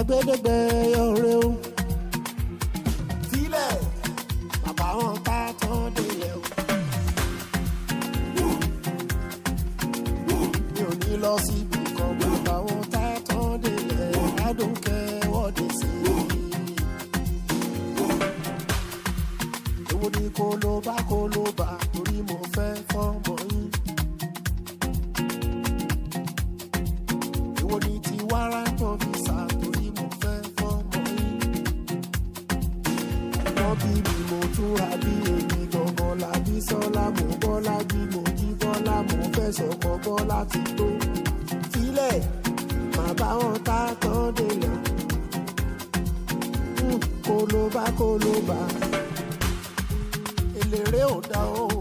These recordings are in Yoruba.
ẹgbẹ́dẹ́gbẹ́ ọ̀rẹ́ o. sílẹ̀ bàbá wọn ká tán délẹ̀ o. mi ò ní lọ síbi kan bàbá wọn ká tán délẹ̀ ládùnkẹ́ wọ́de sí i. èwo ni kó ló bá kó ló bá torí mo fẹ́ fọ́mọ yín. èwo ni tiwara ń tọ́ mi. sọmọ bọ́lá ti tó sílẹ̀ má bá wọn ta tán dènà hmm, kólóbá kólóbá eléré ò dá o.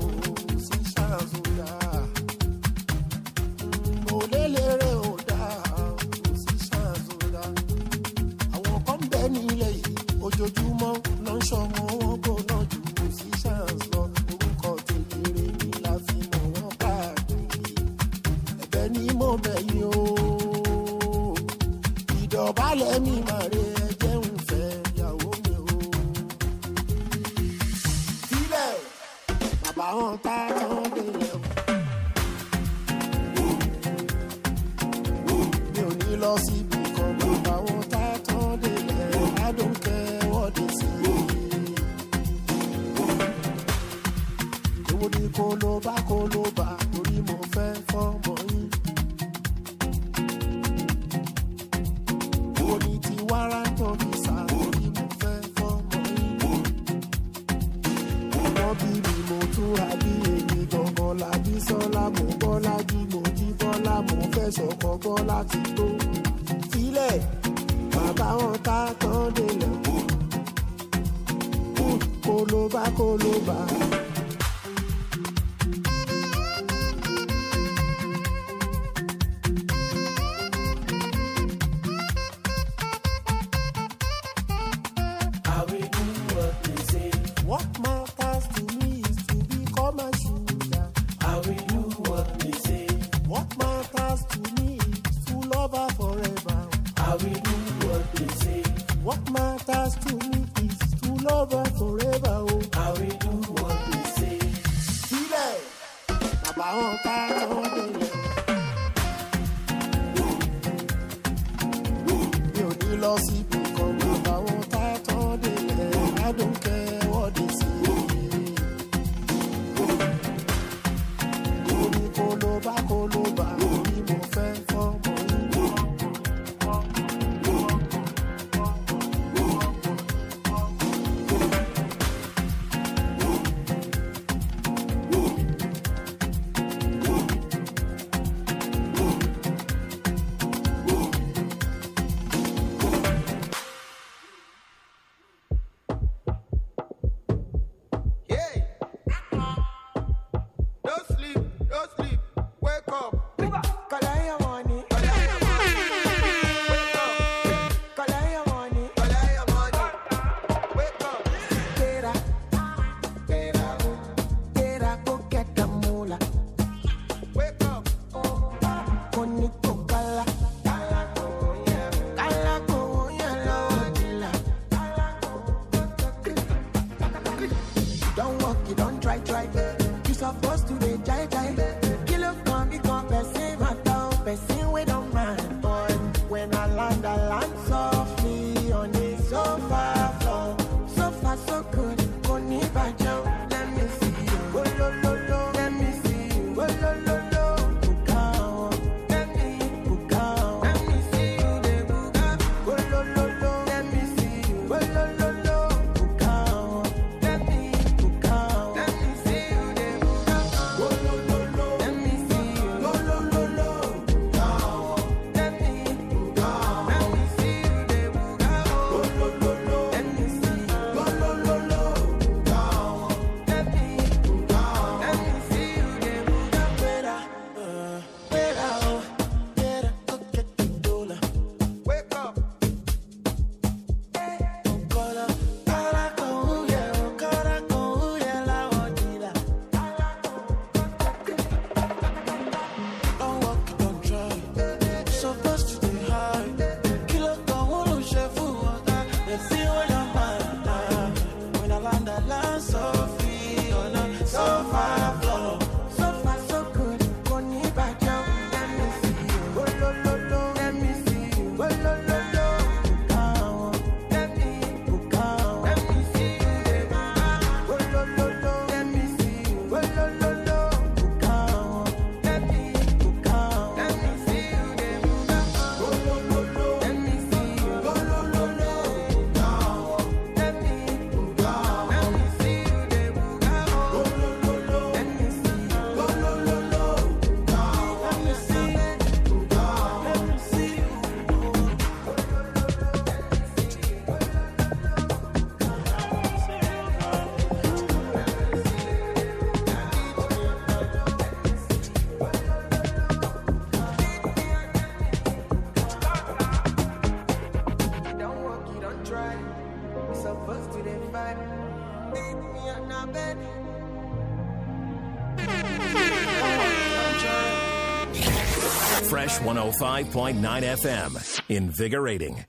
105.9 FM. Invigorating.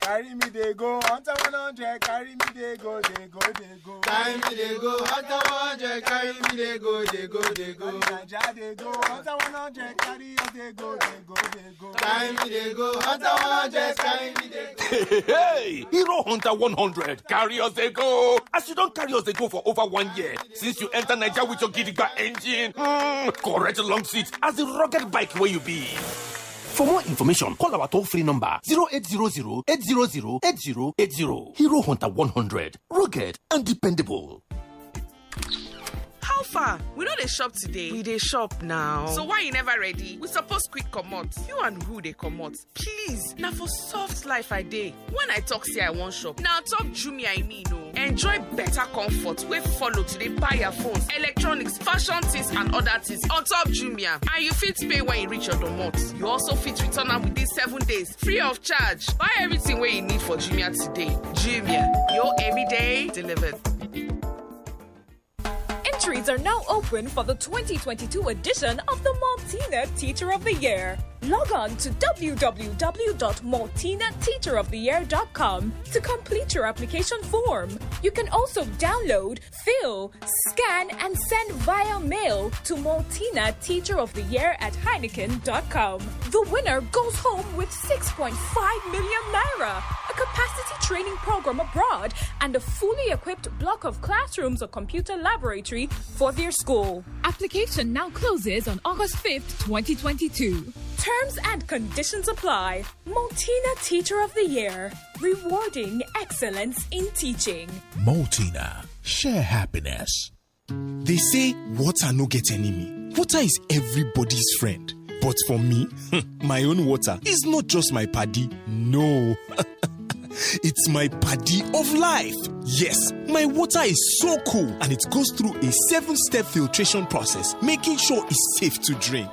Carry me, they go. Naira 100. Carry us they go. As you don't carry us they go for over one year. Since you enter Niger with your car engine. Mm, correct long seat as the rugged bike where you be. For more information, call our toll free number 0800 800 8080. Hero Hunter 100. Rugged and dependable. how far we no dey shop today we dey shop now so why you never ready we suppose quick comot you and who dey comot please Now for soft life i dey when i talk say i want shop Now talk jumia i mean o oh. enjoy better comfort We follow today buy your phones electronics fashion things and other things on top jumia and you fit pay when you reach your domot you also fit return am within seven days free of charge buy everything where you need for jumia today jumia your everyday delivered. Entries are now open for the 2022 edition of the Martina Teacher of the Year. Log on to www.martinateacheroftheyear.com to complete your application form. You can also download, fill, scan, and send via mail to Martina Teacher of the Year at Heineken.com. The winner goes home with 6.5 million naira capacity training program abroad, and a fully equipped block of classrooms or computer laboratory for their school. Application now closes on August 5th, 2022. Terms and conditions apply. Multina Teacher of the Year, rewarding excellence in teaching. Multina, share happiness. They say water no get enemy. Water is everybody's friend. But for me, my own water is not just my paddy. No. It's my paddy of life. Yes, my water is so cool and it goes through a seven step filtration process, making sure it's safe to drink.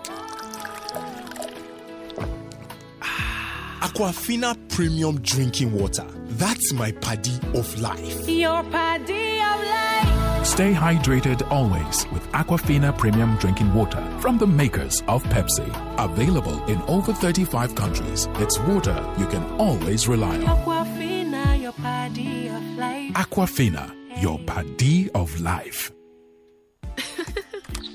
Ah, Aquafina Premium Drinking Water. That's my paddy of life. Your paddy of life. Stay hydrated always with Aquafina Premium Drinking Water from the makers of Pepsi. Available in over 35 countries, it's water you can always rely on. Aquafina, your buddy of life.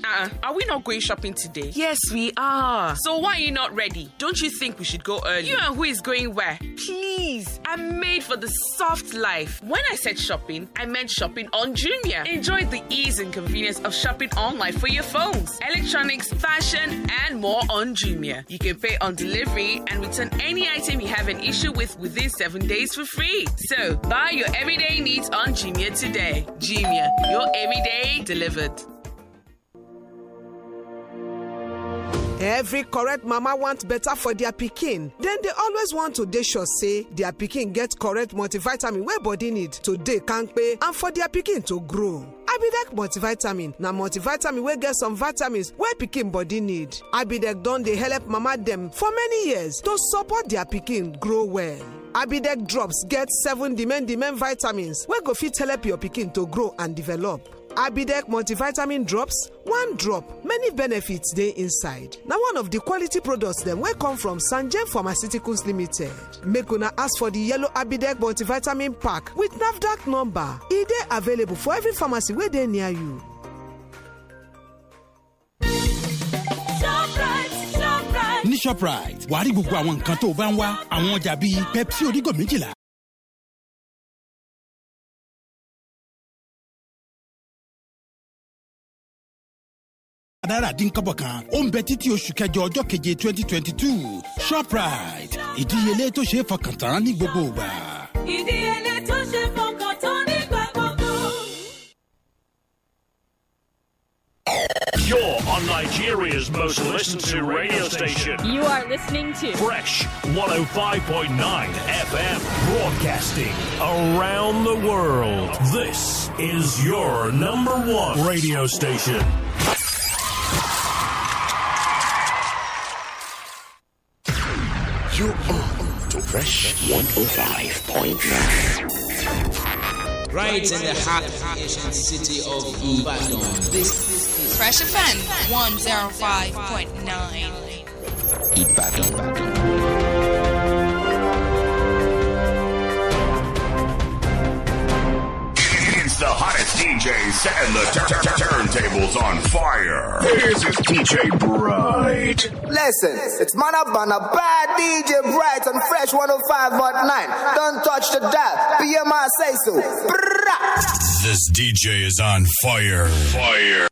Uh-uh. Are we not going shopping today? Yes, we are. So why are you not ready? Don't you think we should go early? You and who is going where? Please, I'm made for the soft life. When I said shopping, I meant shopping on Jumia. Enjoy the ease and convenience of shopping online for your phones, electronics, fashion, and more on Jumia. You can pay on delivery and return any item you have an issue with within seven days for free. So buy your everyday needs on Jumia today. Jumia, your everyday delivered. Every correct mama wants better for their pikin, then they always want to dey sure say their pikin get correct multivitamin wey body need to dey kampe and for their pikin to grow. Abidec multivitamin na multivitamin wey get some vitamins wey pikin body need. Abidec don dey help mama dem for many years to support their pikin grow well. Abidec drops get seven demand demand vitamins wey go fit help your pikin to grow and develop abidec multivitamin drops one drop many benefits dey inside na one of the quality products dem wey come from sanjen pharmaceuticals limited make una ask for the yellow abidec multivitamin pack with nafdac number e dey available for every pharmacy wey dey near you ní shoprite wàá rí gbogbo àwọn nǹkan tó o bá ń wá àwọn ọjà bíi pepsi orígò méjìlá náírà dín kọ́bọ̀ kan ó ń bẹ títí oṣù kẹjọ ọjọ́ keje twenty twenty two shoprite ìdíyelé tó ṣe é fọkàn tán ní gbogbo ìgbà. ìdíyelé tó ṣe fọkàn tán gbogbo. You're on Nigeria's most listened to radio station. You are listening to Fresh 105.9 FM broadcasting around the world. This is your number one radio station. You on to Fresh 105.9. Right in the heart of Asian city of Ubadon. This is Fresh Offense 105.9. Ibadan. Ibadan. setting the tur- tur- turntables on fire. This is DJ Bright. Listen, it's man up on a bad DJ Bright on Fresh 105.9. Don't touch the dial. PMR say so. This DJ is on fire. Fire.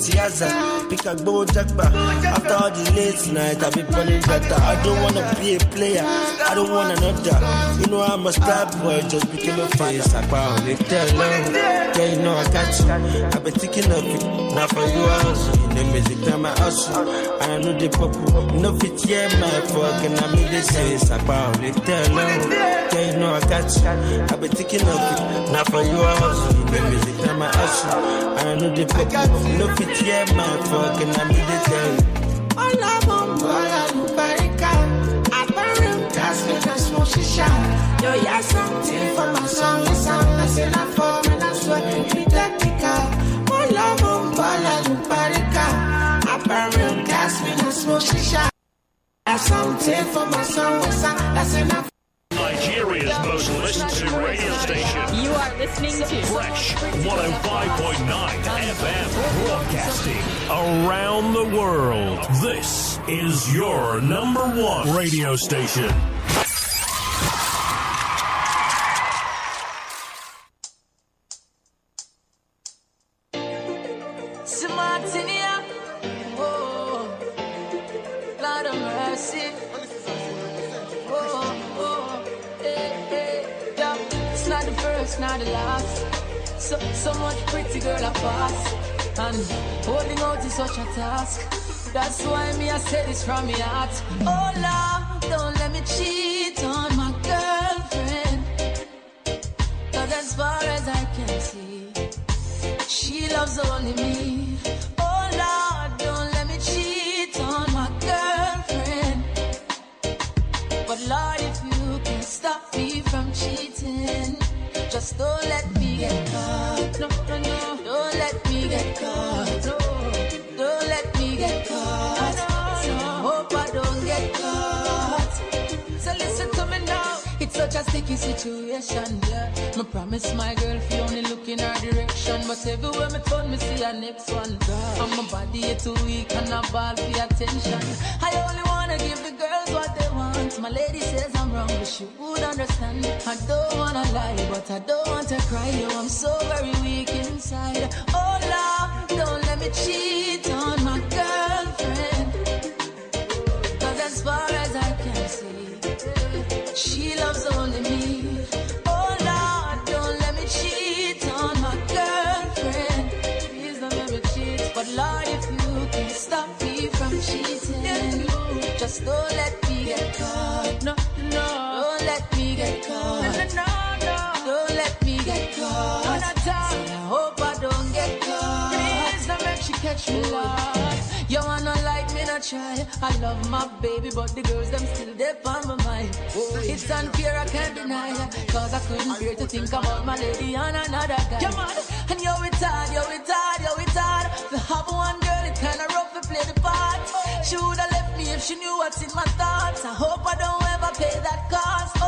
forget Yaza. Pick a go jackpot. After all the late night, I be pulling better. I don't wanna be a player. I don't want another. You know I'm a star boy, just became a face. I bow on it alone. Yeah, you know I got you. I been thinking of it. Now for you also, you the music time I hustle. I know the purple. No fit yeah, my fucking I mean this say, I bow on it alone girl, you know I got you. I been thinking of it. Now for you, I hustle. You know music, now my hustle. I know the fuck. No fit here, my fuck, and I'm the girl. All I want, all I look like, I burn gas with a smoke shisha. Yo, yeah, something for my song, the song, I say that for me, that's what we tactical. I want, all I look like, I burn That's something for my song, that's enough. around the world. This is your number one radio station. That's why me I say this from my heart. Oh Lord, don't let me cheat on my girlfriend. Cause as far as I can see, she loves only me. Oh Lord, don't let me cheat on my girlfriend. But Lord, if you can stop me from cheating, just don't let me. a sticky situation, yeah. Me promise my girl if you only look in her direction, but everywhere me turn, me see her next one. And my body is too weak and I ball for attention. I only wanna give the girls what they want. My lady says I'm wrong, but she would understand. I don't wanna lie, but I don't want to cry. Yo, I'm so very weak inside. Oh Lord, don't let me cheat on my girl. She loves only me. Oh Lord, don't let me cheat on my girlfriend. Please don't me cheat. But Lord, if you can stop me from cheating, just don't let me get caught. No, no. Don't let me get caught. No, no, Don't let me get caught. I hope I don't get caught. Please don't make catch me, Lord. You wanna like try. I love my baby, but the girls, them still there on my mind. It's unfair, I can't deny. Cause I couldn't bear to think about my lady on another guy. Come on, and yo, it's hard, yo, it's hard, yo, it's hard. To have one girl, it's kinda rough to play the part. She would've left me if she knew what's in my thoughts. I hope I don't ever pay that cost.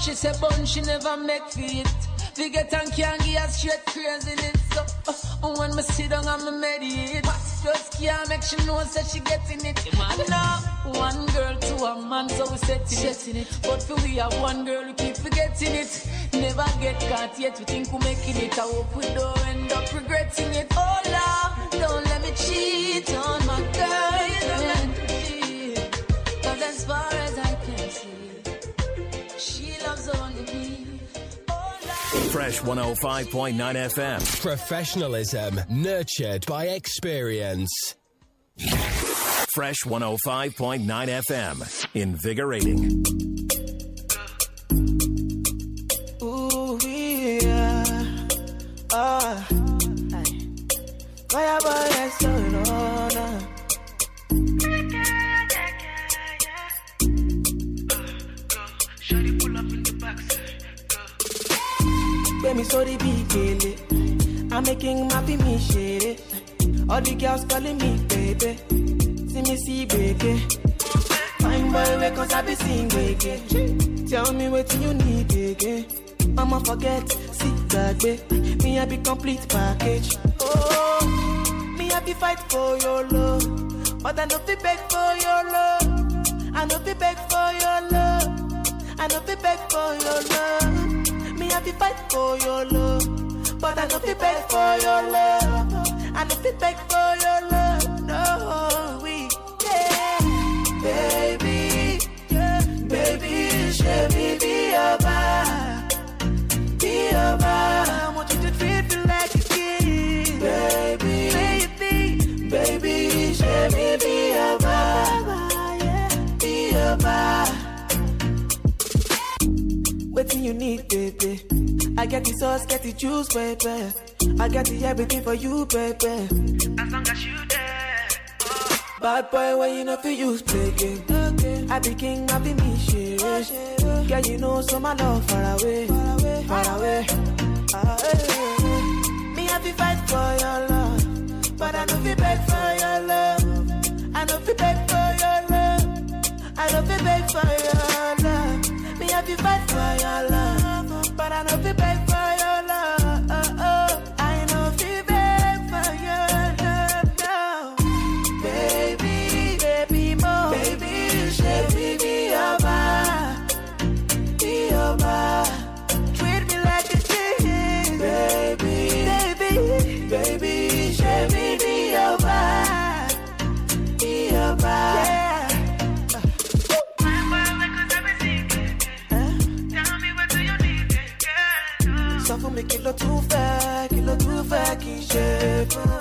she say bun, she never make feet. We get and can't us straight craziness. So, uh, when me sit down and me meditate, just can't make she know said she getting it. Now, one girl to a man, so we setting it. it. But for we have one girl, we keep forgetting it. Never get caught yet, we think we're making it. I hope we don't end up regretting it. Oh, Lord, don't let me cheat on my girl. Fresh 105.9 FM. Professionalism nurtured by experience. Fresh 105.9 FM. Invigorating. Ooh, yeah. Oh. Hey. Bye, bye, me sorry be bíi gèlè. I'm making my mi ṣeré. All the girls calling me baby. See me see baby. Fine boy wey I be seeing gbege. Tell me what you need again. I'ma forget, see gbàgbé. Me I be complete package. Oh, me I be fight for your love. But I don't be beg for your love. I no be beg for your love. I no be beg for your love. Me have to fight for your love, but I don't feel bad for your love. I don't feel beg for your love. No, we yeah. baby, yeah. baby, should be be over, be over. I want you to treat me like a kid, baby, baby, baby, should be be Waiting you need, baby. I get the sauce, get the juice, baby. I get the everything for you, baby. As long as you there. Oh. Bad boy, when you know for you, play Okay. I be king, I be me, shit. Oh, yeah, you know, so my love far away, far away, far away. Ah, hey. Eh. Me have to fight for your love, but I know fi beg for your love. I know fi beg for your love. I know fi beg for your love. I be fight for your love, but I know be beg for your love. world.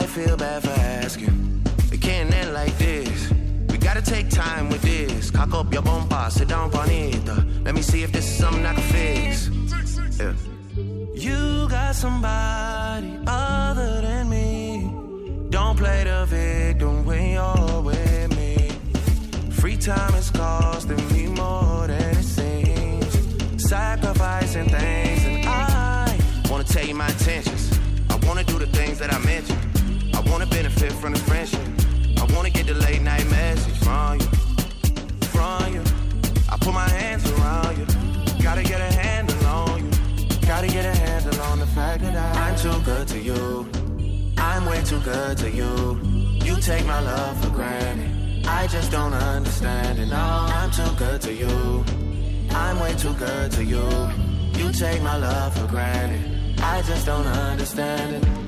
I feel bad for asking. It can't end like this. We gotta take time with this. Cock up your bumper, sit down, bonita. Let me see if this is something I can fix. Yeah. You got somebody other than me. Don't play the victim when you're with me. Free time is costing me more than it seems. Sacrificing things, and I wanna tell you my intentions. I wanna do the things that I mentioned wanna benefit from the friendship. I wanna get the late night message from you, from you. I put my hands around you. Gotta get a handle on you. Gotta get a handle on the fact that I, am too good to you. I'm way too good to you. You take my love for granted. I just don't understand it. No, I'm too good to you. I'm way too good to you. You take my love for granted. I just don't understand it.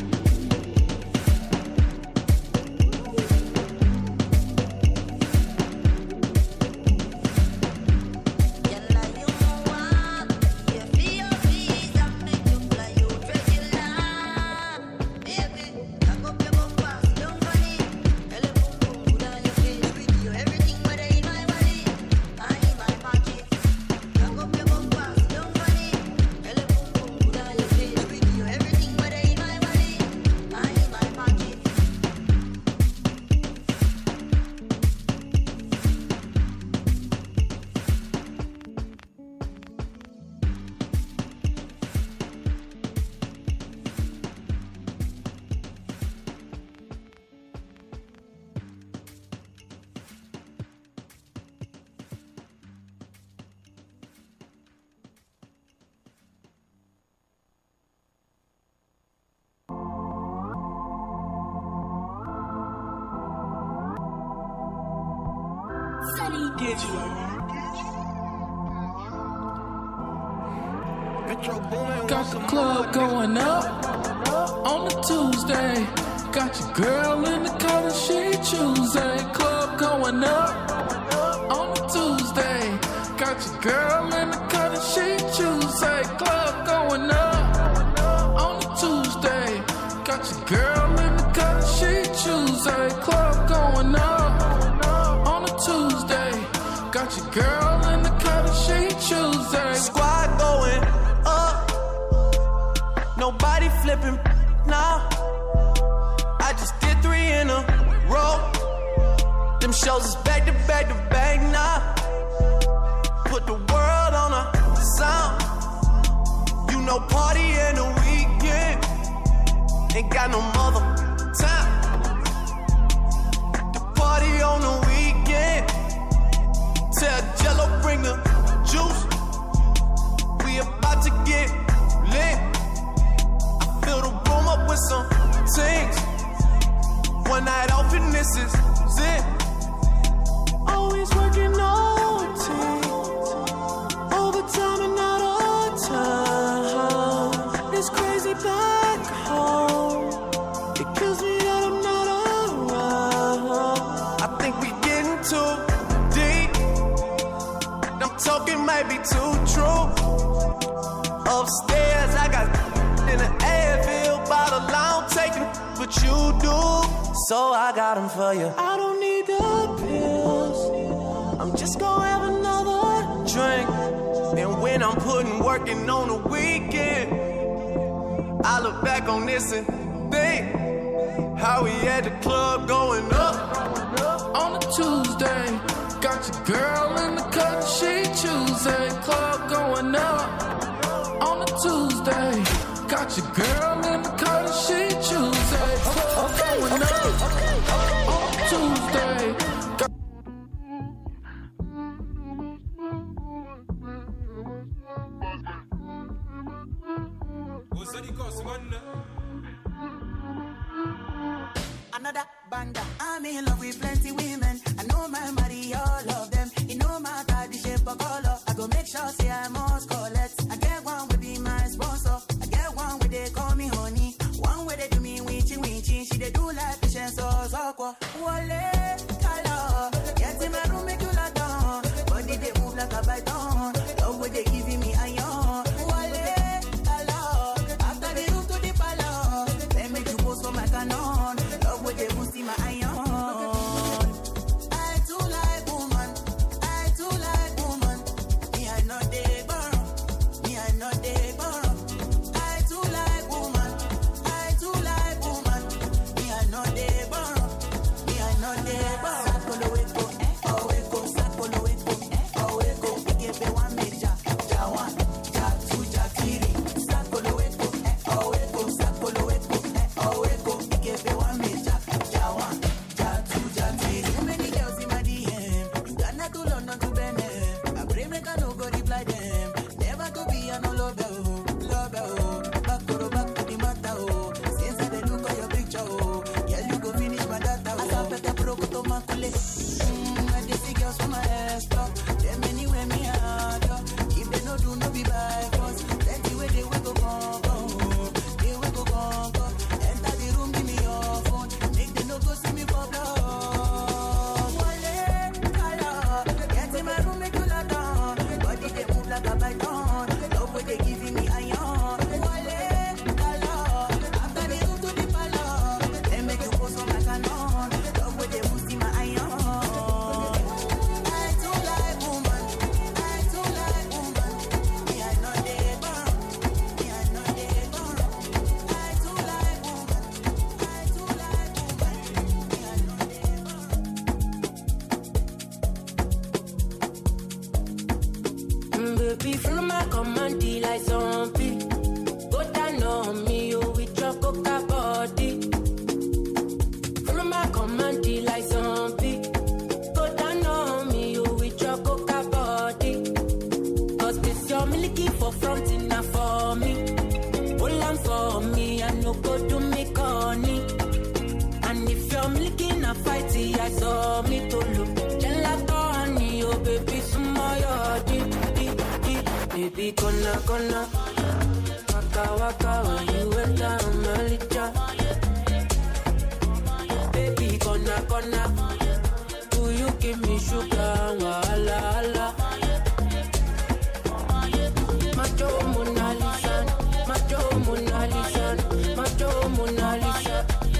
what you do, so I got them for you. I don't need the pills, I'm just gonna have another drink. And when I'm putting working on the weekend, I look back on this and think how we had the club going up on a Tuesday. Got your girl in the cut, she choosing. Club going up on a Tuesday. Got your girl in the cut, she choosing okay, okay, okay, okay, on Tuesday.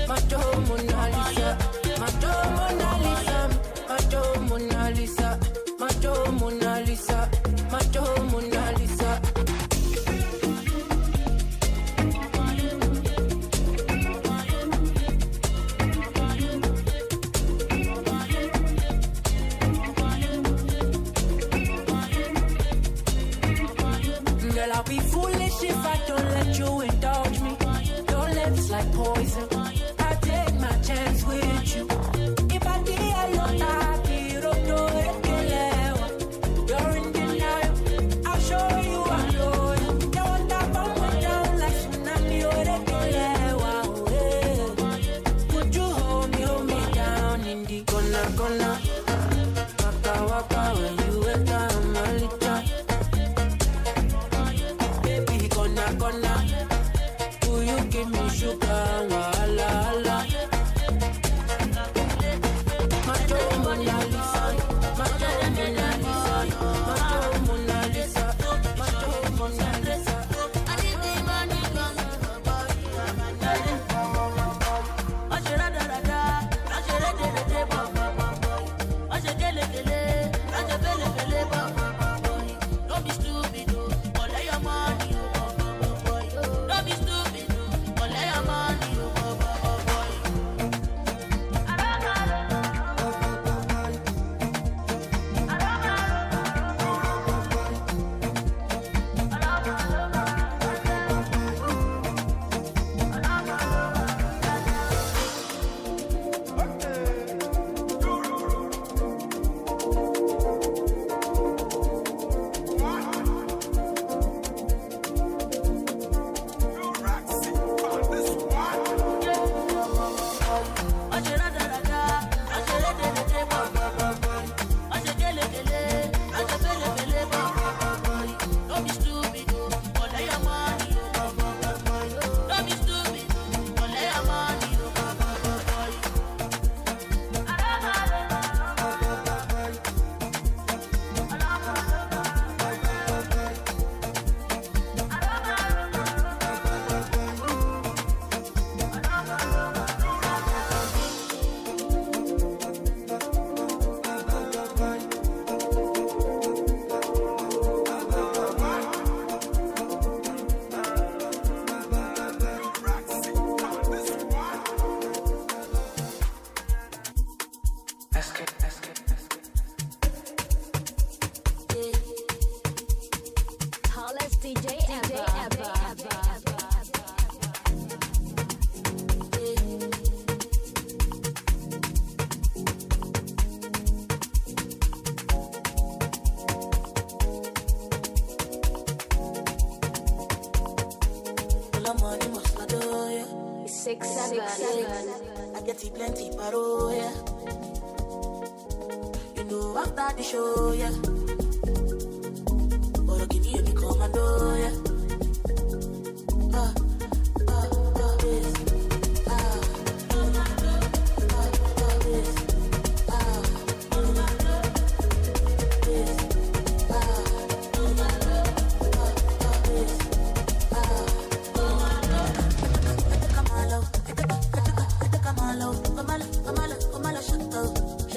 my Mona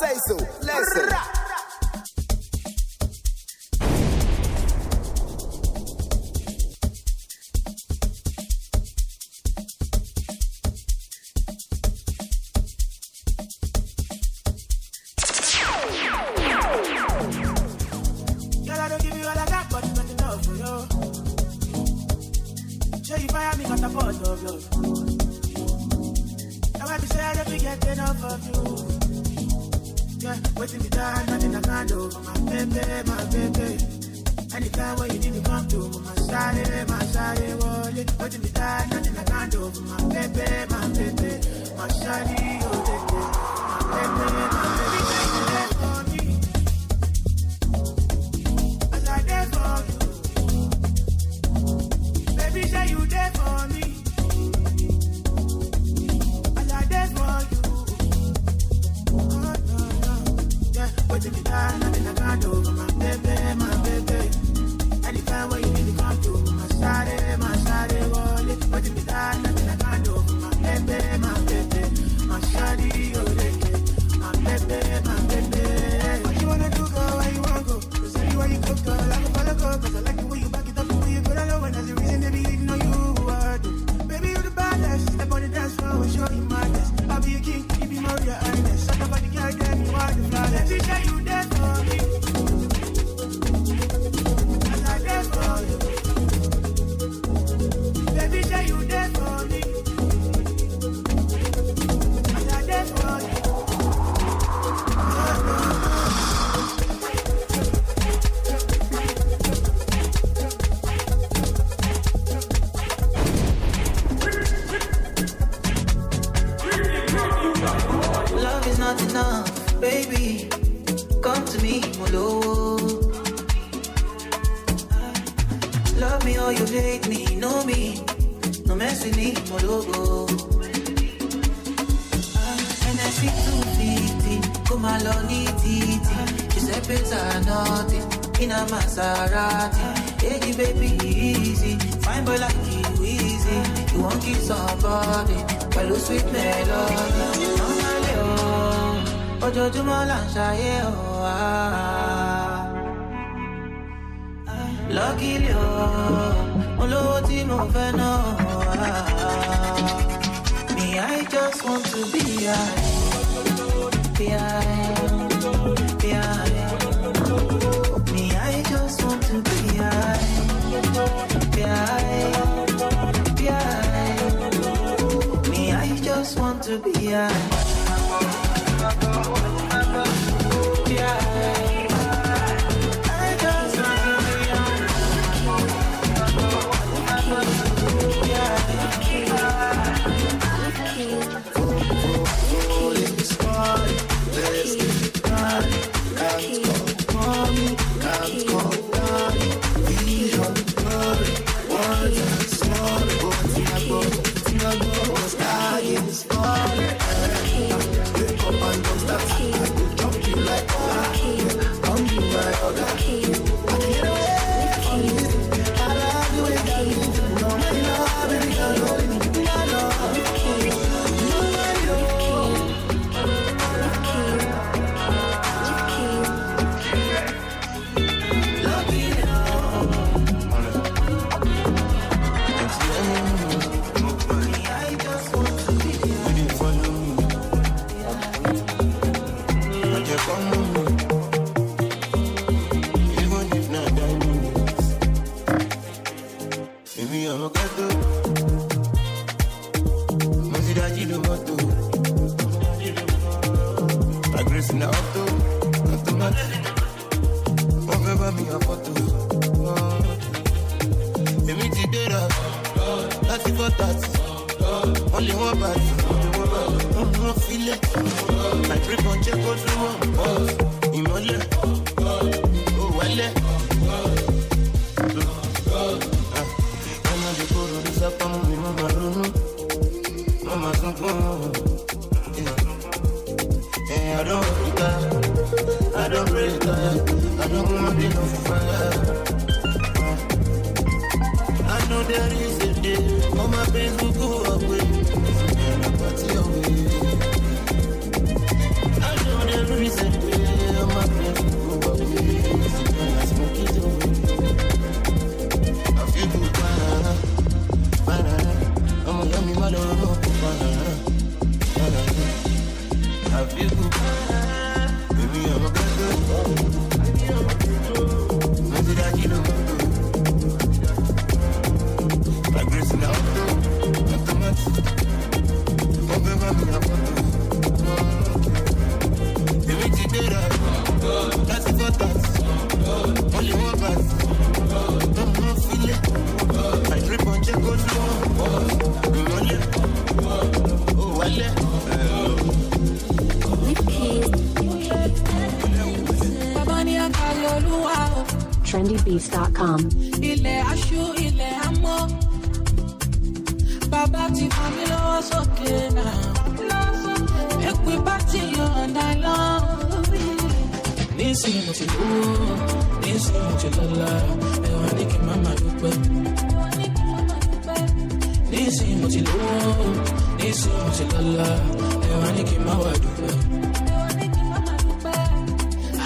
say so. i just want to be me i just want to be high.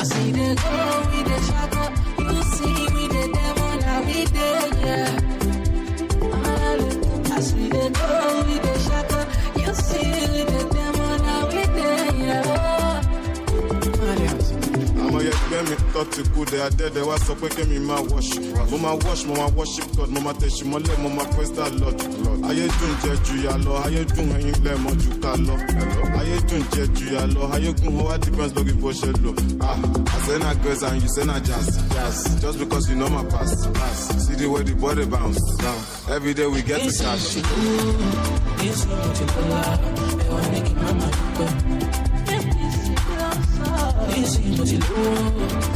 see the glow we the shot. tó ti kú dẹ̀ adẹ́dẹ̀ wá sọ pé kémi máa wash mo máa wash mo máa worship God mo máa tẹ̀sí mọ́lẹ̀ mo máa praise that Lord ayé dùn jẹ́ ju ya lọ ayé dùn ẹyin lẹ́ mọ́ ká lọ ayé dùn jẹ́ ju ya lọ ayé gùn ó wá depends bó ṣe lò ah àsẹ́nà grace and you jazz jazz just because you know my past past see the way the body bounce down every day we get to cash. Yesu mchukula, ewa nikimama dukwe. Yesu mchukula,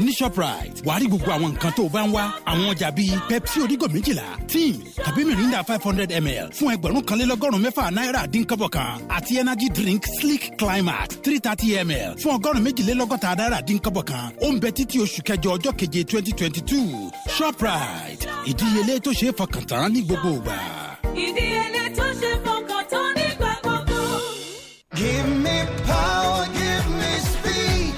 ní shoprite wàá rí gbogbo àwọn nǹkan tó o bá ń wá àwọn ọjà bíi pepsi orígò méjìlá team tàbí mirinda five hundred ml fún ẹgbẹ̀rún kan lé lọ́gọ́rùn-ún mẹ́fà náírà dín kọ́bọ̀ kan àti energy drink slick climax three thirty ml fún ọgọ́rùn-ún méjìlélọ́gọ́ta náírà dín kọ́bọ̀ kan ó ń bẹ títí oṣù kẹjọ ọjọ́ keje twenty twenty two shoprite ìdíyelé tó ṣeé fọkàn tán ní gbogbo ìgbà. ìdíyelé tó ṣ Give me power, give me speed.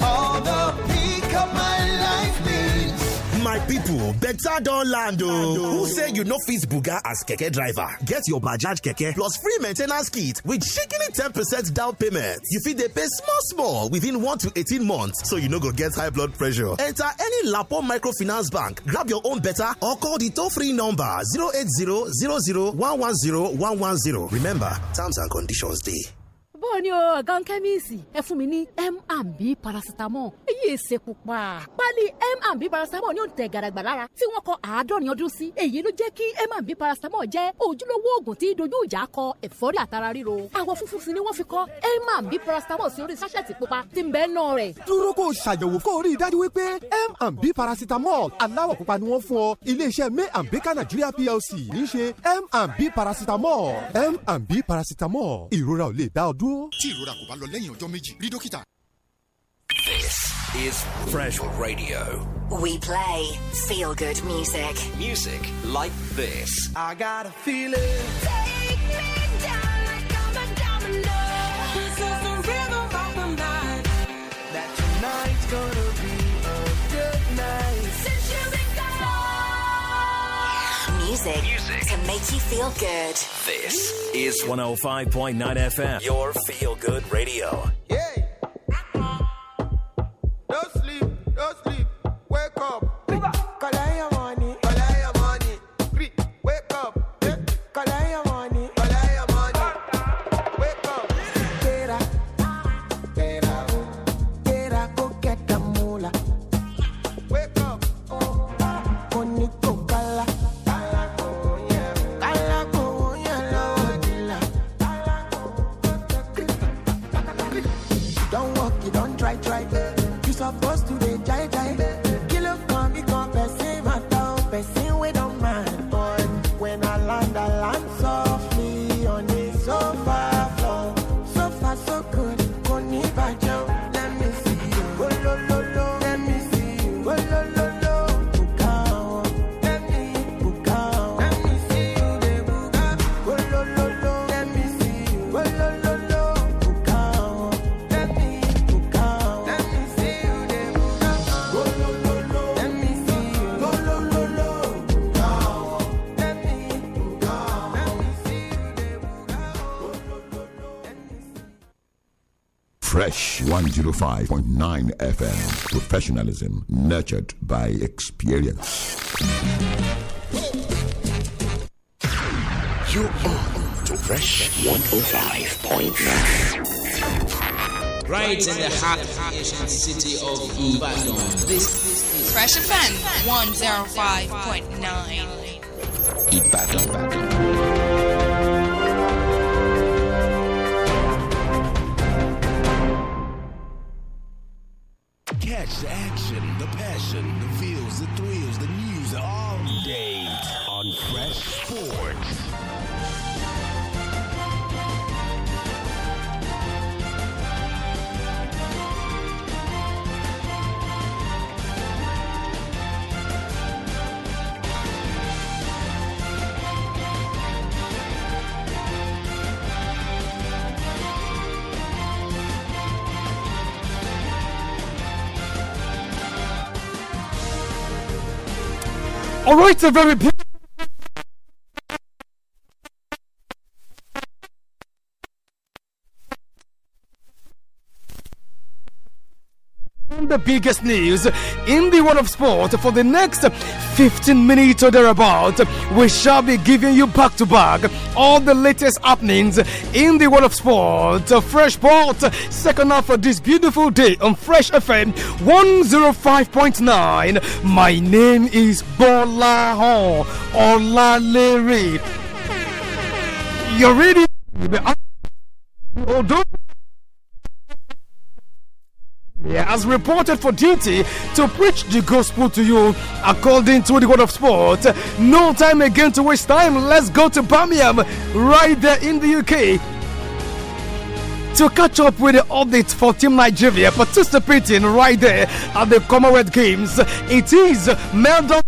All the peak of my life needs. My people, better don land oh. Who say you no fit buga as keke driver? Get your Bajaj keke plus free maintenance kit with shikini 10% down payment. You fit the pay small small within 1 to 18 months so you no go get high blood pressure. Enter any Lapo microfinance bank, grab your own better or call the toll free number 080 Remember, terms and conditions day. bọ́ọ̀ ni o ọ̀gán kẹ́míìsì ẹ fún mi ní m&b paracetamol èyí èsè pupa. pálí m&b paracetamol ní òǹtẹ̀ gàràgbà lára tí wọ́n kọ àádọ́rin ọdún sí. èyí ló jẹ́ kí m&b paracetamol jẹ́ ojúlówó oògùn tí dojú ìjà kọ ẹ̀fọ́rí àtara ríro. àwọ̀ funfun sì ni wọ́n fi kọ B paracetamol sí orí sáṣẹ̀tì pupa tí ń bẹ́ẹ̀ náà rẹ̀. dúró kó o ṣàyẹ̀wò kó o rí i dájú wípé B paracetamol aláwọ̀ pupa ni wọ́n fún ọ iléeṣẹ́ may and baker nigeria plc ní í ṣe m&b paracetamol m&b paracetamol ìrora ò lè dá ọ dúró tí ìrora kò bá lọ lẹ́yìn ọjọ́ méjì rí dókítà. This is Fresh Radio. We play feel good music. Music like this. I got a feeling. Take me down like I'm a domino. This is the rhythm of the night. That tonight's gonna be a good night. Since you've been gone. Music make you feel good. This is 105.9 FM, your feel good radio. Hey! No sleep, no sleep. Wake up. Cuba. up, you don't try, try. You supposed to 105.9 FM. Professionalism nurtured by experience. You are to Fresh 105.9. Right in the heart of the city of Ibadan. This oh is Fresh FM 105.9. Ibadan. Ibadan. it's a very the biggest news in the world of sport for the next 15 minutes or thereabout. We shall be giving you back to back all the latest happenings in the world of sport. Fresh Sport, second half of this beautiful day on Fresh FM 105.9. My name is Bola Ho Olalere. You're ready? Although has reported for duty to preach the gospel to you according to the word of sport. No time again to waste time. Let's go to Birmingham right there in the UK to catch up with the updates for Team Nigeria participating right there at the Commonwealth Games. It is Meldon.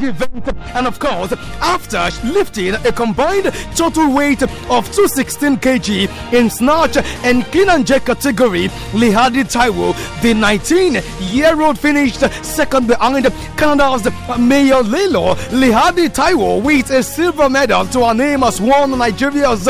event and of course, after lifting a combined total weight of 216 kg in snatch and clean and jerk category, Lihadi Taiwo, the 19-year-old finished second behind Canada's Mayor Lilo Lihadi Taiwo with a silver medal to her name as one Nigeria's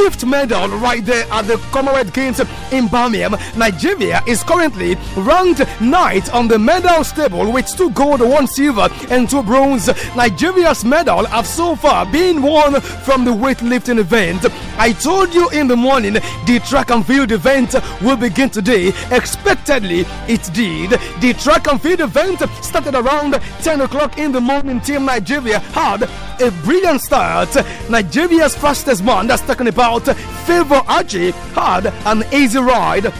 fifth medal right there at the Commonwealth Games in Birmingham. Nigeria is currently ranked ninth on the medal table with two gold, one silver, and two bronze. Nigeria's medal have so far been won from the weightlifting event. I told you in the morning the track and field event will begin today. Expectedly, it did. The track and field event started around 10 o'clock in the morning. Team Nigeria had a brilliant start. Nigeria's fastest man, that's talking about Favor Aji, had an easy ride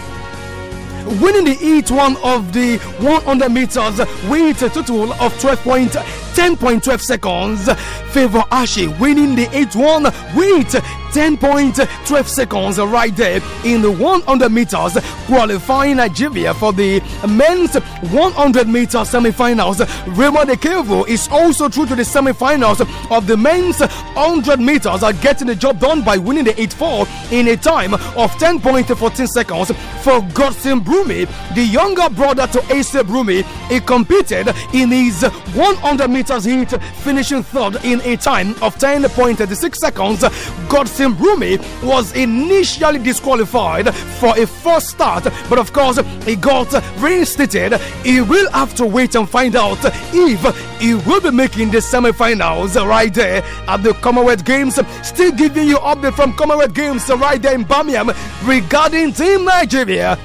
winning the heat one of the 100 meters with a total of 12.10.12 seconds. Favor Ashi winning the 8 1 with 10.12 seconds right there in the 100 meters, qualifying Nigeria for the men's 100 meter semifinals. Raymond Dekevo is also through to the semifinals of the men's 100 meters, are uh, getting the job done by winning the 8 4 in a time of 10.14 seconds. For Godson Brumi, the younger brother to Ace Brumi, he competed in his 100 meters heat, finishing third in a time of 10.36 seconds. Godson Kasim Rumi was initially disqualified for a first start, but of course, he got reinstated. He will have to wait and find out if he will be making the semi finals right there at the Commonwealth Games. Still giving you update from Commonwealth Games right there in Birmingham regarding Team Nigeria.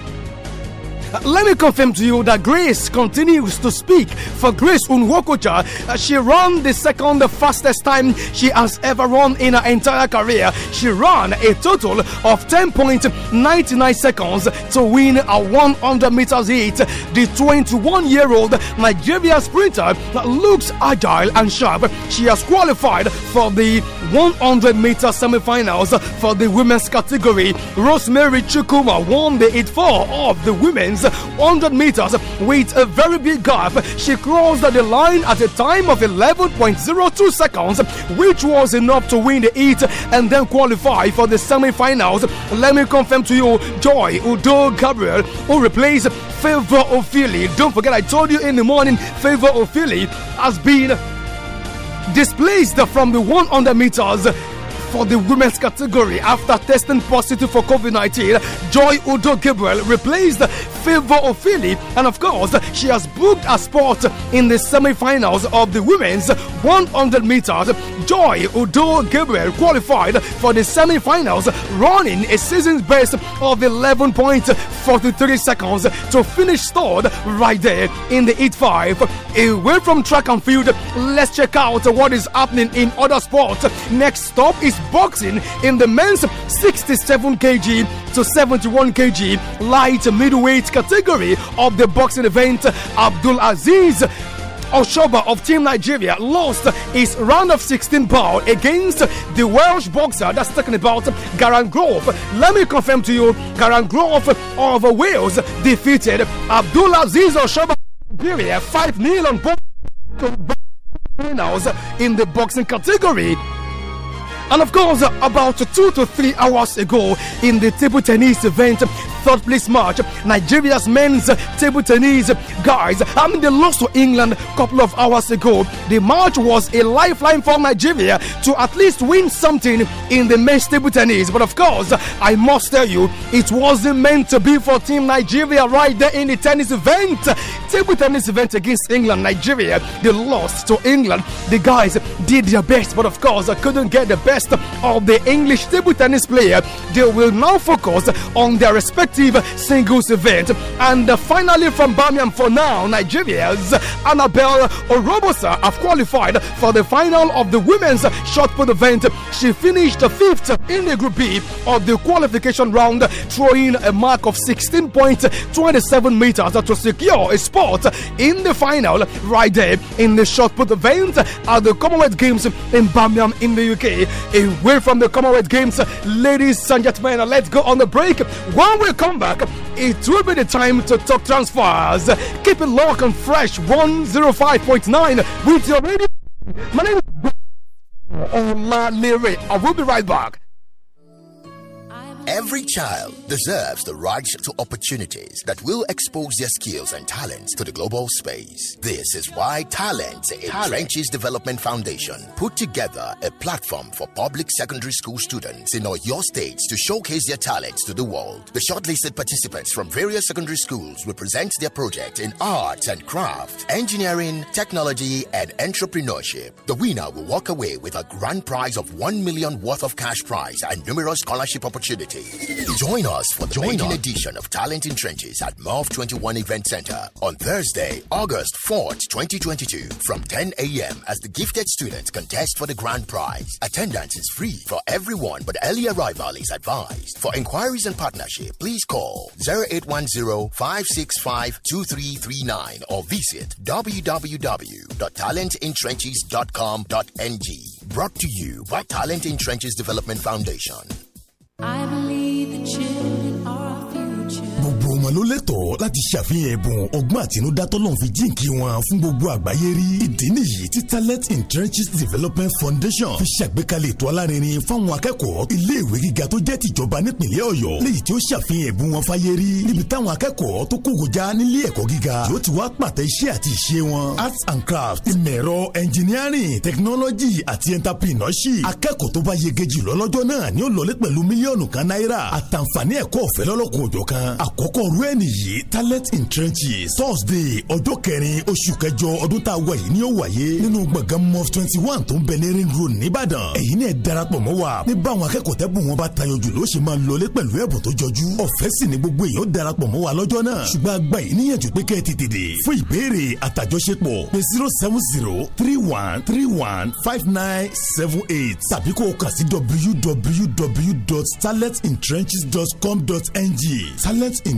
Let me confirm to you that Grace continues to speak for Grace Unwokocha. Uh, she ran the second fastest time she has ever run in her entire career. She ran a total of 10.99 seconds to win a 100 meters heat. The 21 year old Nigeria sprinter looks agile and sharp. She has qualified for the 100 meter semi finals for the women's category. Rosemary Chukuma won the 8 4 of the women's 100 meters with a very big gap. She crossed the line at a time of 11.02 seconds, which was enough to win the heat and then qualify for the semi-finals. Let me confirm to you, Joy Udo Gabriel, who replaced Favor Ophili. Don't forget, I told you in the morning, Favor Ophili has been displaced from the 100 meters for the women's category after testing positive for COVID 19. Joy Udo Gabriel replaced favor of Philip, and of course, she has booked a spot in the semi finals of the women's 100 meters. Joy Udo Gabriel qualified for the semi finals, running a season best of 11.43 seconds to finish third right there in the 8 5. Away from track and field, let's check out what is happening in other sports. Next stop is boxing in the men's 67 kg to 71 kg light middleweight category of the boxing event, Abdul Aziz Oshoba of Team Nigeria lost his round of 16 bout against the Welsh boxer that's talking about Garan Grove. Let me confirm to you, Garan Grove of Wales defeated Abdulaziz Oshoba Nigeria 5 0 on both finals in the boxing category. And of course, about two to three hours ago in the table tennis event, third place match. Nigeria's men's table tennis guys, I mean, they lost to England a couple of hours ago. The match was a lifeline for Nigeria to at least win something in the men's table tennis. But of course, I must tell you, it wasn't meant to be for Team Nigeria right there in the tennis event. Table tennis event against England, Nigeria, they lost to England. The guys did their best, but of course, couldn't get the best of the English table tennis player. They will now focus on their respective singles event. And finally, from Birmingham for now, Nigeria's Annabelle Orobosa have qualified for the final of the women's shot put event. She finished fifth in the Group B of the qualification round, throwing a mark of 16.27 meters to secure a spot in the final right there in the shot put event at the Commonwealth Games in Birmingham in the UK. Away from the Commonwealth Games, ladies and gentlemen, let's go on the break. When we come come back, it will be the time to talk transfers. Keep it locked and fresh 105.9 with your radio. My name is Omalere. Oh, I will be right back. Every child deserves the right to opportunities that will expose their skills and talents to the global space. This is why Talent Trenches Development Foundation put together a platform for public secondary school students in all your states to showcase their talents to the world. The shortlisted participants from various secondary schools will present their project in arts and craft, engineering, technology, and entrepreneurship. The winner will walk away with a grand prize of 1 million worth of cash prize and numerous scholarship opportunities Join us for the Join making us. edition of Talent in Trenches at MOV 21 Event Center on Thursday, August 4th, 2022 from 10 a.m. as the gifted students contest for the grand prize. Attendance is free for everyone but early arrival is advised. For inquiries and partnership, please call 0810-565-2339 or visit www.talentintrenches.com.ng. Brought to you by Talent in Trenches Development Foundation. I believe the children. ẹ̀bùn wọn ló lẹ́tọ̀ọ́ láti ṣàfihàn ẹ̀bùn ọgbọ́n àtinúdá tọ́lọ́run fi jíǹkí wọn fún gbogbo àgbáyé rí. ìdí nìyí tí talent in trenches development foundation fi ṣàgbékalẹ̀ ètò alárinrin fáwọn akẹ́kọ̀ọ́ iléèwé gíga tó jẹ́ tìjọba nípìnlẹ̀ ọ̀yọ́ léyìí tí ó ṣàfihàn ẹ̀bùn wọn fáyé rí níbi táwọn akẹ́kọ̀ọ́ tó kógojá nílé ẹ̀kọ́ gíga yóò ti wá pàtẹ iṣẹ́ àti ìṣe arts and crafts ìmọ̀ engineering technology àti entrepreneurship akẹ́kọ̀ọ́ tó bá yege ni ó lọlé pẹ̀lú mílíọ̀nù kan náírà àtàǹfààní ẹ̀kọ́ àkọ́kọ́ rú ẹ̀ nìyí talent in trenches thursday ọjọ́ kẹrin oṣù kẹjọ ọdún tá a wà yìí ni ó wáyé nínú gbọ̀ngàn mof twenty one tó ń bẹ ní ring road nìbàdàn èyí ni ẹ darapọ̀ mọ́ wa ní báwọn akẹ́kọ̀ọ́ tẹ́bùn wọn bá tayọ jù ló ṣe máa lọlé pẹ̀lú ẹ̀bùn tó jọjú ọ̀fẹ́ sì ni gbogbo èèyàn darapọ̀ mọ́ wa lọ́jọ́ náà ṣùgbọ́n àgbà yìí níyànjú pé kẹ́ ẹ tètè dé fún ìbéèrè àtàjọṣepọ̀ pé zero seven zero three one three one five nine seven eight tàbí kó o kà sí www.talentintrenches.com.ng talent in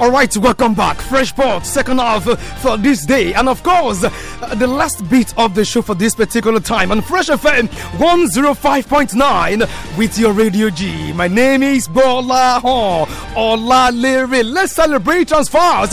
All right, welcome back. Fresh Port, second half for this day. And of course, uh, the last bit of the show for this particular time on Fresh FM 105.9 with your Radio G. My name is Bola Hon Ola Leary. Let's celebrate transfers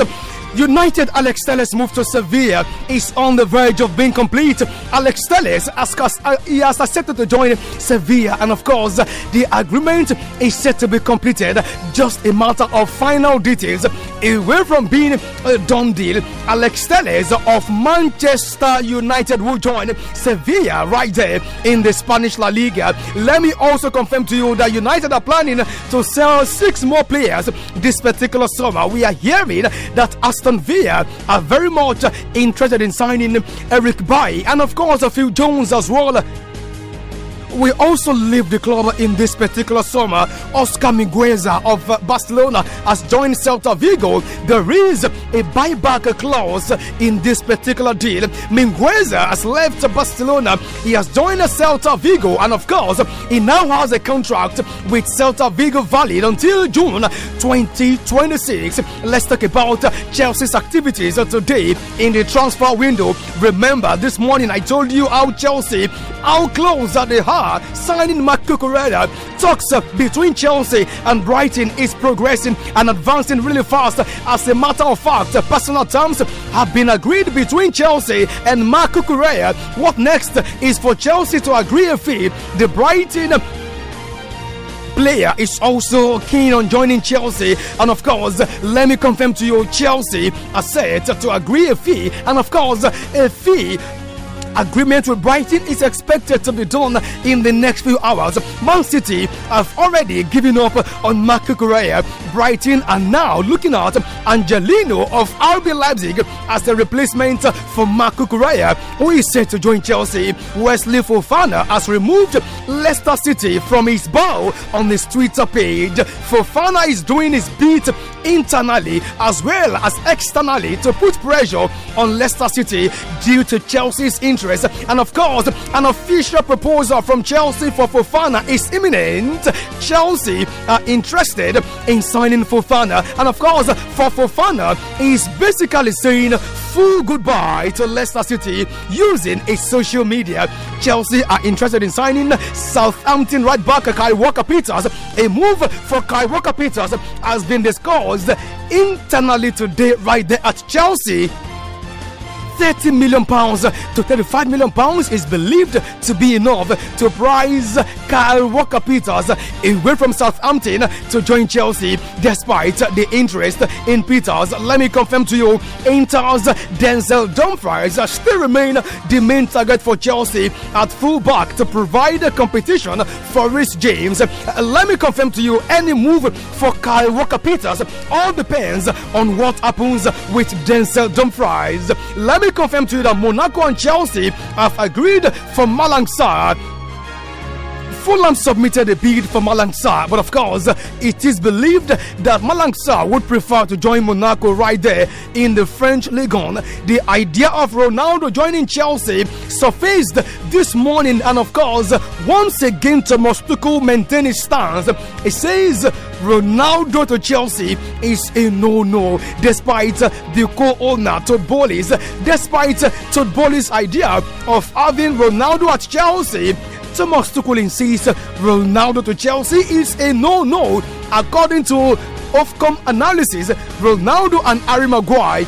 United Alex Telles move to Sevilla is on the verge of being complete. Alex Telles has, uh, he has accepted to join Sevilla, and of course, the agreement is set to be completed. Just a matter of final details. Away from being a done deal, Alex Telles of Manchester United will join Sevilla right there in the Spanish La Liga. Let me also confirm to you that United are planning to sell six more players this particular summer. We are hearing that Aston Aston Villa are very much interested in signing Eric Bay and, of course, a few Jones as well we also leave the club in this particular summer. Oscar Migueza of Barcelona has joined Celta Vigo. There is a buyback clause in this particular deal. Migueza has left Barcelona. He has joined Celta Vigo, and of course, he now has a contract with Celta Vigo valid until June 2026. Let's talk about Chelsea's activities today in the transfer window. Remember, this morning I told you how Chelsea, how close are they are signing Mark Cucurella. Talks between Chelsea and Brighton is progressing and advancing really fast. As a matter of fact, personal terms have been agreed between Chelsea and Mark Cucurella. What next is for Chelsea to agree a fee. The Brighton player is also keen on joining Chelsea. And of course, let me confirm to you, Chelsea are set to agree a fee, and of course, a fee Agreement with Brighton is expected to be done in the next few hours. Man City have already given up on Marco Correa. Brighton are now looking at Angelino of RB Leipzig as the replacement for Marco Correa, who is set to join Chelsea. Wesley Fofana has removed Leicester City from his bow on his Twitter page. Fofana is doing his bit internally as well as externally to put pressure on Leicester City due to Chelsea's interest interest. And of course, an official proposal from Chelsea for Fofana is imminent. Chelsea are interested in signing Fofana. And of course, for Fofana is basically saying full goodbye to Leicester City using his social media. Chelsea are interested in signing Southampton right back Kai Walker Peters. A move for Kai Walker Peters has been discussed internally today, right there at Chelsea. 30 million pounds to 35 million pounds is believed to be enough to prize Kyle Walker Peters away from Southampton to join Chelsea despite the interest in Peters. Let me confirm to you, Inter's Denzel Dumfries still remain the main target for Chelsea at full-back to provide competition for Rhys James. Let me confirm to you, any move for Kyle Walker Peters all depends on what happens with Denzel Dumfries. Let me confirmed to you that Monaco and Chelsea have agreed for Malang Sarr Fulham submitted a bid for Malang Sarr, but of course, it is believed that Malang Sarr would prefer to join Monaco right there in the French Ligue 1. The idea of Ronaldo joining Chelsea surfaced this morning, and of course, once again, Thomas Tuchel maintained his stance. It says Ronaldo to Chelsea is a no-no, despite the co-owner Todd despite Todd idea of having Ronaldo at Chelsea. Thomas Tuchel insists Ronaldo to Chelsea is a no-no according to Ofcom analysis. Ronaldo and Harry Maguire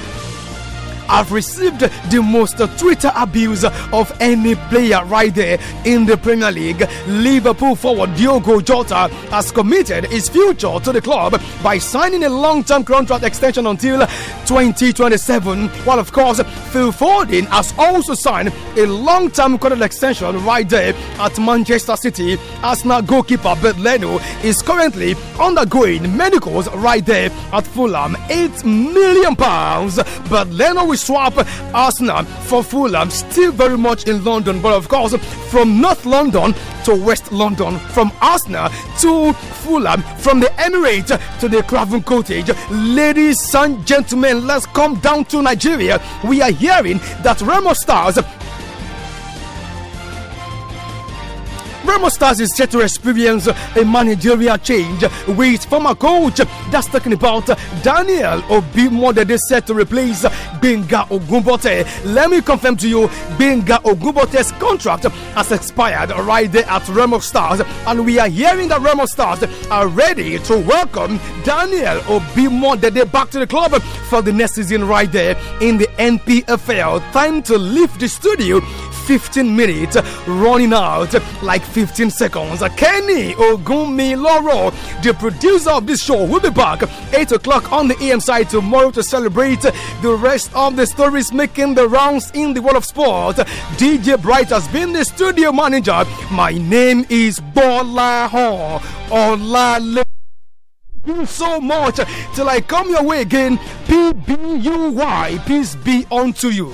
have received the most Twitter abuse of any player right there in the Premier League. Liverpool forward Diogo Jota has committed his future to the club by signing a long term contract extension until 2027. While, of course, Phil Foden has also signed a long term contract extension right there at Manchester City. Arsenal goalkeeper Bert Leno is currently undergoing medicals right there at Fulham. £8 million. But Leno will swap Arsenal for Fulham, still very much in London, but of course from North London to West London, from Arsenal to Fulham, from the Emirates to the Craven Cottage. Ladies and gentlemen, let's come down to Nigeria. We are hearing that Remo Stars Ramos Stars is set to experience a managerial change with former coach that's talking about Daniel Obimo that is set to replace Benga Ogumbote. Let me confirm to you, Benga Ogumbote's contract has expired right there at Remo Stars, and we are hearing that Remo Stars are ready to welcome Daniel Obimo that they back to the club for the next season right there in the NPFL. Time to leave the studio 15 minutes running out like 15 seconds. Kenny Ogumi Loro, the producer of this show, will be back 8 o'clock on the AM side tomorrow to celebrate the rest of the stories making the rounds in the world of sport. DJ Bright has been the studio manager. My name is Bola Ho Olale so much till I come your way again. PBUY, peace be unto you.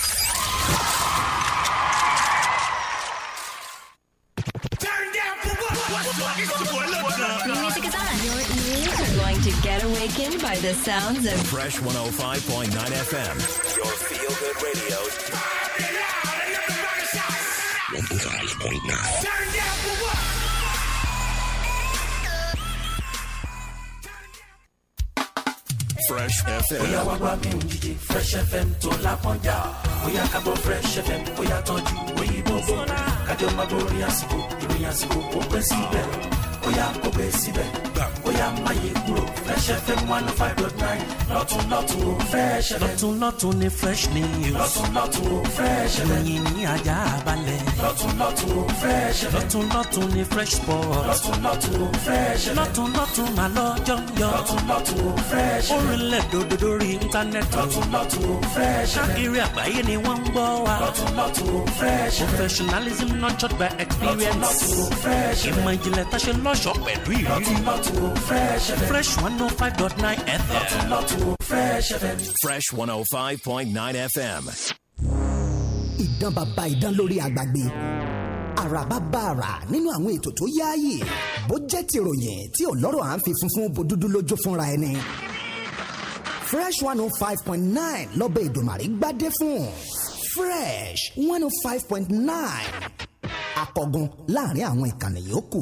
by the sounds of Fresh 105.9 FM. Your feel good radio. Oh Turn down Fresh FM. Bóyá wá wá mi ò Fresh FM tó Fresh FM tọ́jú bò. Kájọ́ àsìkò àsìkò bóyá kò bẹ́ síbẹ̀ bóyá máyé kúrò Fresh FM one oh five dot nine lọ́tún ó Fresh FM. lọ́tún lọ́tún ni fresh news. lọ́tún ó Fresh FM. lẹ́yìn ní ajá balẹ̀. lọ́tún lọ́tún ó Fresh FM. lọ́tún lọ́tún fresh sport. lọ́tún lọ́tún ó Fresh FM. lọ́tún lọ́tún mà lọ́jọ́ yọ. lọ́tún ó Fresh FM. orílẹ̀ dòdò lórí íńtánẹ́ẹ̀tì. lọ́tún ó Fresh FM. káàkiri àgbáyé ni wọ́n ń Fresh FM. professionalism nurtured Fresh FM lọ́ṣọ̀ọ́ pẹ̀lú ìrírí. lọ́tùlọ́tù fresh fm. fresh one oh five dot nine fm. lọ́tùlọ́tù fresh fm. fresh one oh five point nine fm. ìdán bàbá ìdán lórí àgbàgbé àràbá bá àrà nínú àwọn ètò tó yáàyè bó jẹ́ tìròyìn tí ò à ń fi funfun bo dúdú lójú fúnra ẹni fresh one oh five point nine lọ́bẹ̀ ìdòmàrí gbádé fún fresh one oh five point nine akọgun láàrin àwọn ìkànnì yòókù.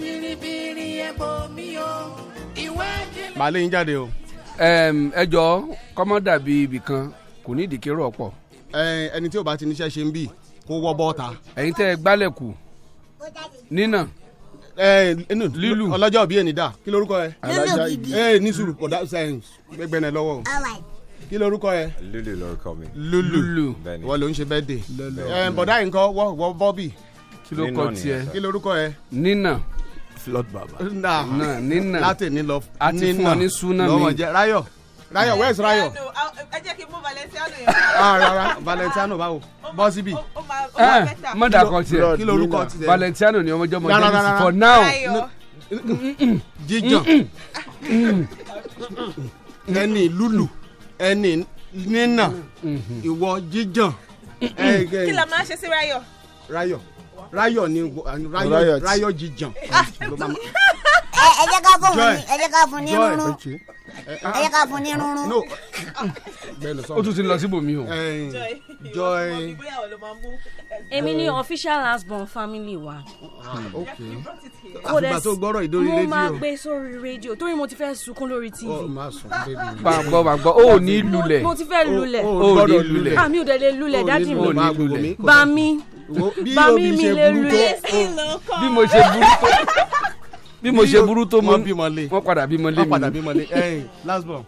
biribiri ẹ o ìwé ìdílé. màá lé yín jáde o. ẹ jọ kọ́mọ́dà bíi ibì kan kò ní ìdíkérò ọ̀pọ̀. ẹni tí ò bá ti níṣẹ́ ṣe ń bì kó wọ́ bọ́ta. ẹ̀yin tẹ́ ẹ gbálẹ̀ kù nínà lílù ọlọ́jọ́ bíi ẹni dà kí lorúkọ ẹ. lílù ẹ ní sùúrù kọ̀dá gbẹgbẹ́nẹ lọ́wọ́ o. kí lorúkọ ẹ. lulu lorúkọ mi. lulu wọ́n ló ń ṣe bẹ́ẹ̀ dé. bọ̀dá yìí ń kọ́ wọ́ bọ́bì. kí lorúkọ tiẹ̀. kí lorúkọ ẹ. nínà flood baba. náà nínà láti ní lọ àti fún ọ ní súnà mi lọ́wọ́ jẹ Ráyọ̀ Ráyọ̀ where is Ráyọ̀. ẹ jẹ́ kí n mú Valentino yẹn. ah rárá Valentino báwo bọ́ síbí. mọ dàkọ tiẹ kí lorúkọ tiẹ Valentino ni ọmọ jọmọ jẹ bisi for now. jíjàn mm, mm, mm. ẹni lulu ẹni nínà ìwọ jíjàn. kí la máa ṣe sí Ráyọ̀. Ráyọ̀ ráyọ̀ ni eh, ráyọ̀ ah, jíjàn. ẹ jẹ́ ká fún mi ẹ jẹ́ ká fún ní rúnrún ẹ yẹ ká fún ní rúnrún. no o tún ti lọ síbòmí o. joy èmi ni official last family wa. Ah, àfìgbà tó gbọ́rọ̀ ìdórí rédíò. mo máa gbé sórí rédíò torí mo ti fẹ́ sunkún lórí tv. gbàgbọ́ gbàgbọ́ o ò ní lulẹ̀. mo ti fẹ́ lulẹ̀. o ò ní lulẹ̀. àmì ah, ò dẹ̀ lè lulẹ̀ dádì mi. bá mi bá mi mi lè lulẹ̀. bí mo ṣe burú tó bí mo ṣe burú tó mo wọ́n padà bímọ lé mi. wọ́n padà bímọ lé ẹyìn last born.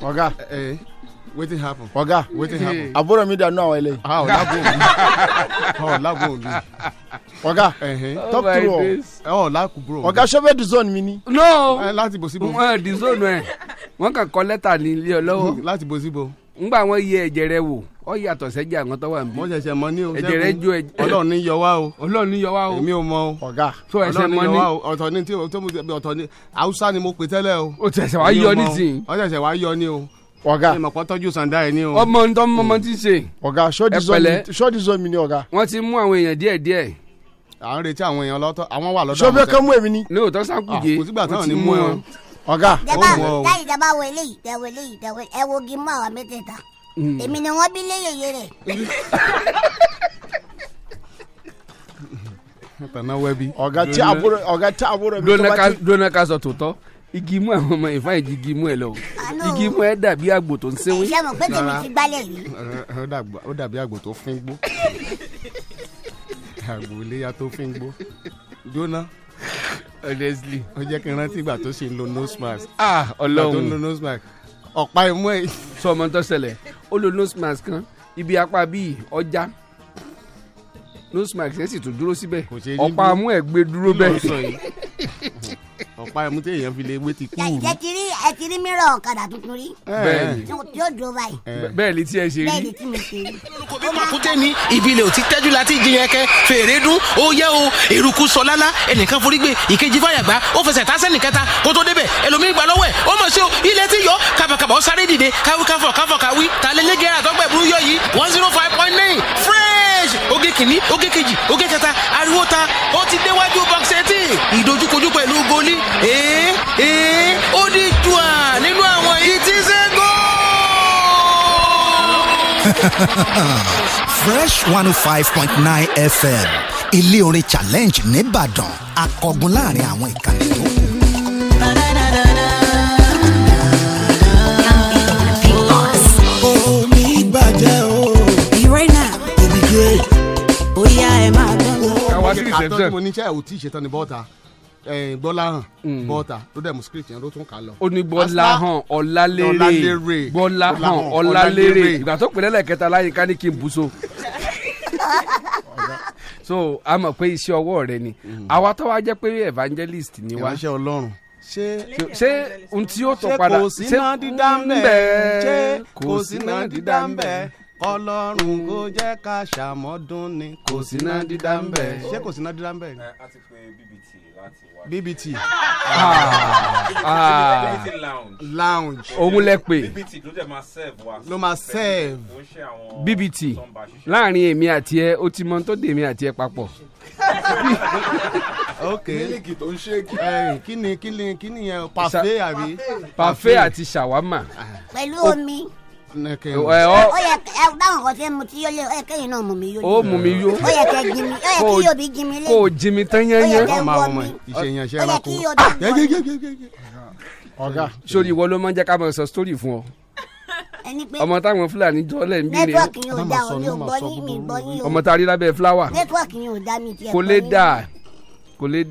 ọ̀gá ah, ah. eh. wetin happen. ọ̀gá wetin happen. Eh. àbúrò mi dànù àwọn eléyìí. ah ọlágùn mi ah ọlágùn mi. ọ̀gá talk through ọ. ẹ ọ lákùn bro. ọ̀gá ṣọ́fẹ́ dizon mi ni. no eh, láti bòsíbò. dizon ẹ wọn kàn kọ lẹ́tà ní ilé ọ lọ́wọ́. láti bòsíbò ngbà wọn yẹ ẹ̀jẹ̀ rẹ wò ọ yàtọ̀ sẹ́jẹ̀ àwọn tó wà nbí. mo ṣẹ̀ṣẹ̀ mọ̀ ní o ẹ̀jẹ̀ rẹ ju ẹ̀jẹ̀. Ọlọ́run ní yọ wá o. Ọlọ́run ní yọ wá o. èmi ò mọ̀ o. ọ̀gá tó ẹsẹ̀ mọ̀ ní. ọ̀tọ̀ ni tí o tó mu ọ̀tọ̀ ni Haúsá ni mo pè tẹ́lẹ̀ o. o ṣẹ̀ṣẹ̀ wá yọ ní sìn. ọ ṣẹ̀ṣẹ̀ wá yọ ní o. ọ̀gá ẹ mọ̀pọ̀ tọ́jú sànda ẹ ní o. ọmọ ń tán mọ́mọ́ ti ṣe. ọ̀gá ṣọ́ọ̀dì zọ́ọ̀mì ni ọ̀gá. wọ́n ti mú àwọn èèyàn díẹ̀díẹ̀ à ń retí àwọn èèyàn lọ́tọ̀ àwọn wà lọ́dọ̀ àwọn tẹ. sọfẹ́ kán mú èmi ni. ní òótọ́ sákùjẹ́ kò sígbà táwọn ní mú ẹ ọ̀gá ó wọ o. láyé ìjọba wo eléyìí tẹ wo eléyìí tẹ wo ẹ wo gi mọ àwọn mẹ́tẹ̀ẹ̀ta èmi ni wọ́n bí léyèyé rẹ̀. tana wẹbi. ọ̀gá tí àbúrò ọ̀gá tí àbúrò mi tó bá ti. dóná ká sọ tòótọ́ igi mú àwọn ọmọ ìfáyín di igi mú ẹ lọ igi mú ẹ dàbí àgbò tó ń sẹ́wé. ṣé mo pé tèmi ti gbálẹ̀ yìí. ó dàbí àgbò tó fín gbó àgbò iléyà tó fín gbó jóná Leslie, ó jẹ́ kí n rántí ìgbà tó ṣe ń lo nose mask. ah ọlọ́run ìgbà tó ń lo nose mask ọ̀pá imú ẹ̀. sọ ọmọ tó ṣẹlẹ̀ ó lo nose mask kan ibi apá bíi ọjà nose mask yẹn sì tún dúró síbẹ̀ ọ̀pá imú ẹ̀ gbé dúró bẹ́ẹ̀. ọ̀pá ẹ̀mú tí èèyàn fi lè wé ti kú. ẹ ti rí ẹ ti rí mìíràn ọ̀kadà tuntun rí. bẹ́ẹ̀ni tí ó dúró báyìí. bẹ́ẹ̀ni tí ẹ ṣe rí. bẹ́ẹ̀ni tí mo ṣe rí. bí màkúté ni ìbílẹ̀ ò ti tẹ́jú láti jiyàn kẹ fèrè dún ó yẹ o eruku sọ lálá ẹnìkan forí gbé ìkejì fàyàgbá ó fẹsẹ̀ tá sẹ́nì kẹta kó tó débẹ̀ ẹlòmíì gbà lọ́wọ́ ẹ̀ ó mọ̀ sí o ilẹ̀ ti yọ kàbàkàbà one zero five point nine fresh oge kìíní oge kejì oge kẹta ariwo ta ó ti déwájú box eighteen ìdojúkojú pẹ̀lú goli ee ee ó di jùà nínú àwọn ìtìsẹ́gò. Fresh one oh five point nine FM ilé orin challenge nìbàdàn akọgun láàrin àwọn ìkànnì tó kù. bàjẹ́ o. bóyá ẹ máa bẹ́ẹ̀. káwá sí ìṣẹ́jẹ́. àtọ́jú mo ní sẹ́yà ò tí ì ṣetán ní bọ́ta gbọ́láhàn eh, mm. bọ́ta tó dẹ̀ mú script ló tún kà lọ. ó ní gbọ́láhàn ọ̀làlérè gbọ́láhàn ọ̀làlérè ìgbà tó pèlè lẹ́ẹ̀kẹta láyé ká ní kí n bùsọ. so a mọ̀ pé iṣẹ́ ọwọ́ rẹ ni mm. àwa tó wá jẹ́ pé evangelist ni wá. ìránṣẹ́ ọlọ́run ṣé ṣé ohun tí yóò tó padà ṣé kò sí dídá ń bẹ̀ ṣé kò sí dídá ń bẹ̀ kọlọ́run kò jẹ́ ká ṣàmọ́dún ni kò sí dídá ń bẹ̀ ṣé kò sí dídá ń bẹ̀. Eh, a BBT. Ah. Ah. BBT lounge. lounge. òun lẹ pè. BBT ló dẹ̀ máa serve wa. ló máa serve. BBT láàrin èmi àti ẹ ó ti mọ tó dé èmi àti ẹ papọ̀. mílíkì tó ń ṣéèkì. kí ni kí ni kí ni yẹn pàfé àbí. pàfé àti ṣàwámà. Ah. pẹ̀lú omi ó yẹ ẹ báwọn kan ṣe mu tí yó lé ó yẹ kéyìn náà mú mi yó. ó mú mi yó. ó yẹ kẹ jimi ó yẹ kí yóbi jimi lé. kò jimi tán yẹnyẹn. ó yẹ kẹ wọ mi ó yẹ kí yóbi wọ mi. ọ̀gá. sori ìwọ ló máa ń jẹ́ ká máa sọ sítórì fún ọ ọmọ táwọn fúlàní jọ lẹ ń bí rè ọmọ tá a rí lábẹ́ fúláwà kò lè dà kò lè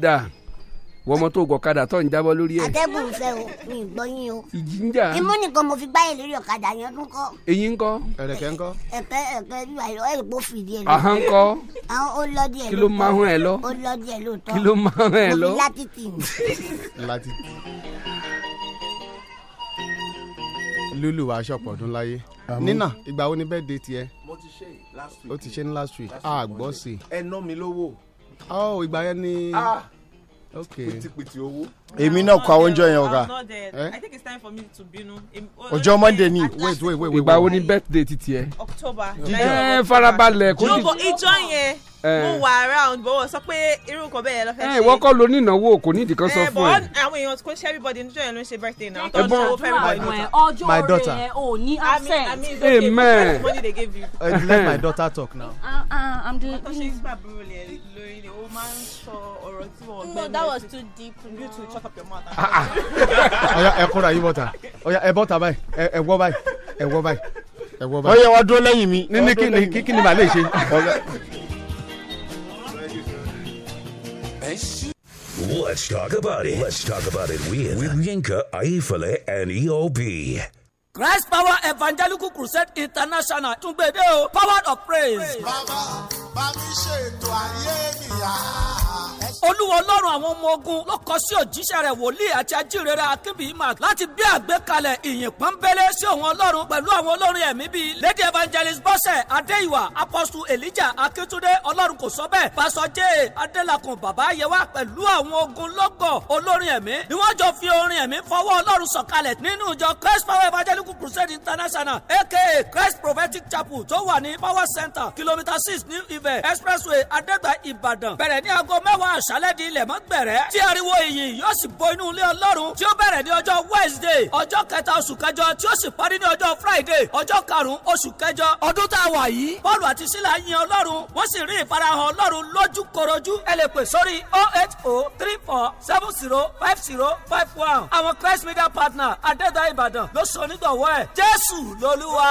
wọ́n mọ tó gọ̀kadà tó ń jábọ́ lórí ẹ̀. atẹ́gùn fẹ́ o mi gbọ́ yín o. ìjì ń jà. imú nìkan mo fi gbáyé lórí ọ̀kadà yẹn tún kọ́. eyín ńkọ́. ẹ̀rẹ̀kẹ́ ńkọ́. ẹ̀kẹ́ ẹ̀kẹ́ bí wàá ẹ̀ kó fìdí ẹ̀ lọ. ahọ́n ńkọ́. àwọn ó lọ díẹ̀ lóòótọ́. kí ló máa hún ẹ lọ. ó lọ díẹ̀ lóòótọ́. kí ló máa hún ẹ lọ. mo fi látìtì. látìtì. lulu wa aṣọpọ̀ ọdún láyé nina ìgbà wo ni bẹ́ẹ̀ dé tiẹ̀. mo ti ṣe last week. o ti ṣe ní last week. a gbọ́ sí. ẹ ná mi lówó. ọ ìgbà yẹn ni. ah pitipiti owó. èmi náà kọ àwọn oúnjẹ yẹn ọ̀gá. Eh? I think to bínú. Oh, ọjọ́ monday ni wait wait wait. ìgbà wo ni birthday titi ẹ. October. ẹ eh, farabalẹ̀ kò ní. ìjọ yẹn eh. mo wà around bọ́wọ̀ sọ pé irú nǹkan bẹ́ẹ̀ lọ fẹ́ ṣe. ìwọ kọ́ ló ní ìnáwó kò ní ìdí kan sọ fún ẹ. àwọn èèyàn kò ṣe everybody níjọ́ yẹn ló ń ṣe birthday náà. ẹ bọ́n ọjọ́ rẹ̀ ò ní absent. I mean it's okay because the money they gave you. let my daughter talk now. Uh, uh, I'm doing. No, that was too deep. You two shut up your mouth. Ọya ah, ah. ẹ kóra yín bọ́ta, ọya ẹ bọ́ta báyìí, ẹ wọ́ báyìí, ẹ wọ́ báyìí, ẹ wọ́ báyìí. Ọya wa dúró lẹ́yìn mi. Ní ní kí ni màá lè ṣe? Let's talk about it. Let's talk about it with, with Yinka, Aifale, and EOB. Christ Power Evangelical Crusade International tún gbé dé o power of praise. bàbá bá mi ṣètò ayé mi yá olúwa ọlọ́run àwọn ọmọ ogun ló kọ sí òjíṣẹ́ rẹ̀ wòlíì àti ajíhìnrere akínbíyìmá láti gbé àgbékalẹ̀ ìyìn pọ́nbélé sí òun ọlọ́run pẹ̀lú àwọn olórin ẹ̀mí bíi lady evangelist bọ́sẹ̀ adéìwà apostle elijah akíntúndé ọlọ́run kò sọ bẹ́ẹ̀ pásọ jẹ́ adélakùn bàbá yewa pẹ̀lú àwọn ogun lọ́gọ̀ olórin ẹ̀mí ni wọ́n jọ fi orin ẹ̀mí fọwọ́ ọlọ́run sọ̀kalẹ̀ nínú ìjọ christ power evangelical crusade international aka christ prophetic chapel tó wà ní power center kìlómítà six ní ifẹ̀ expressway adẹ́gbà ìbàdàn bẹ̀rẹ̀ ní aago mẹ́wàá àṣálẹ́ di ilẹ̀ mọ́ gbẹ̀rẹ́ tí ariwo ìyìn yóò sì bo inú ilé ọlọ́run tí ó bẹ̀rẹ̀ ní ọjọ́ wednesday ọjọ́ kẹta oṣù kẹjọ tí ó sì parí ní ọjọ́ friday ọjọ́ karùn-ún oṣù kẹjọ ọdún tá a wà yìí paul àti sílà yin ọlọ́run wọ́n sì rí ìfarahàn ọlọ́run lójú korojú ẹ sórí oh eight oh three four seven zero five zero five one àwọn christ media partner adẹ́dá ìbàdàn ló sọ nígbàwọ́ ẹ̀ jésù lolúwa.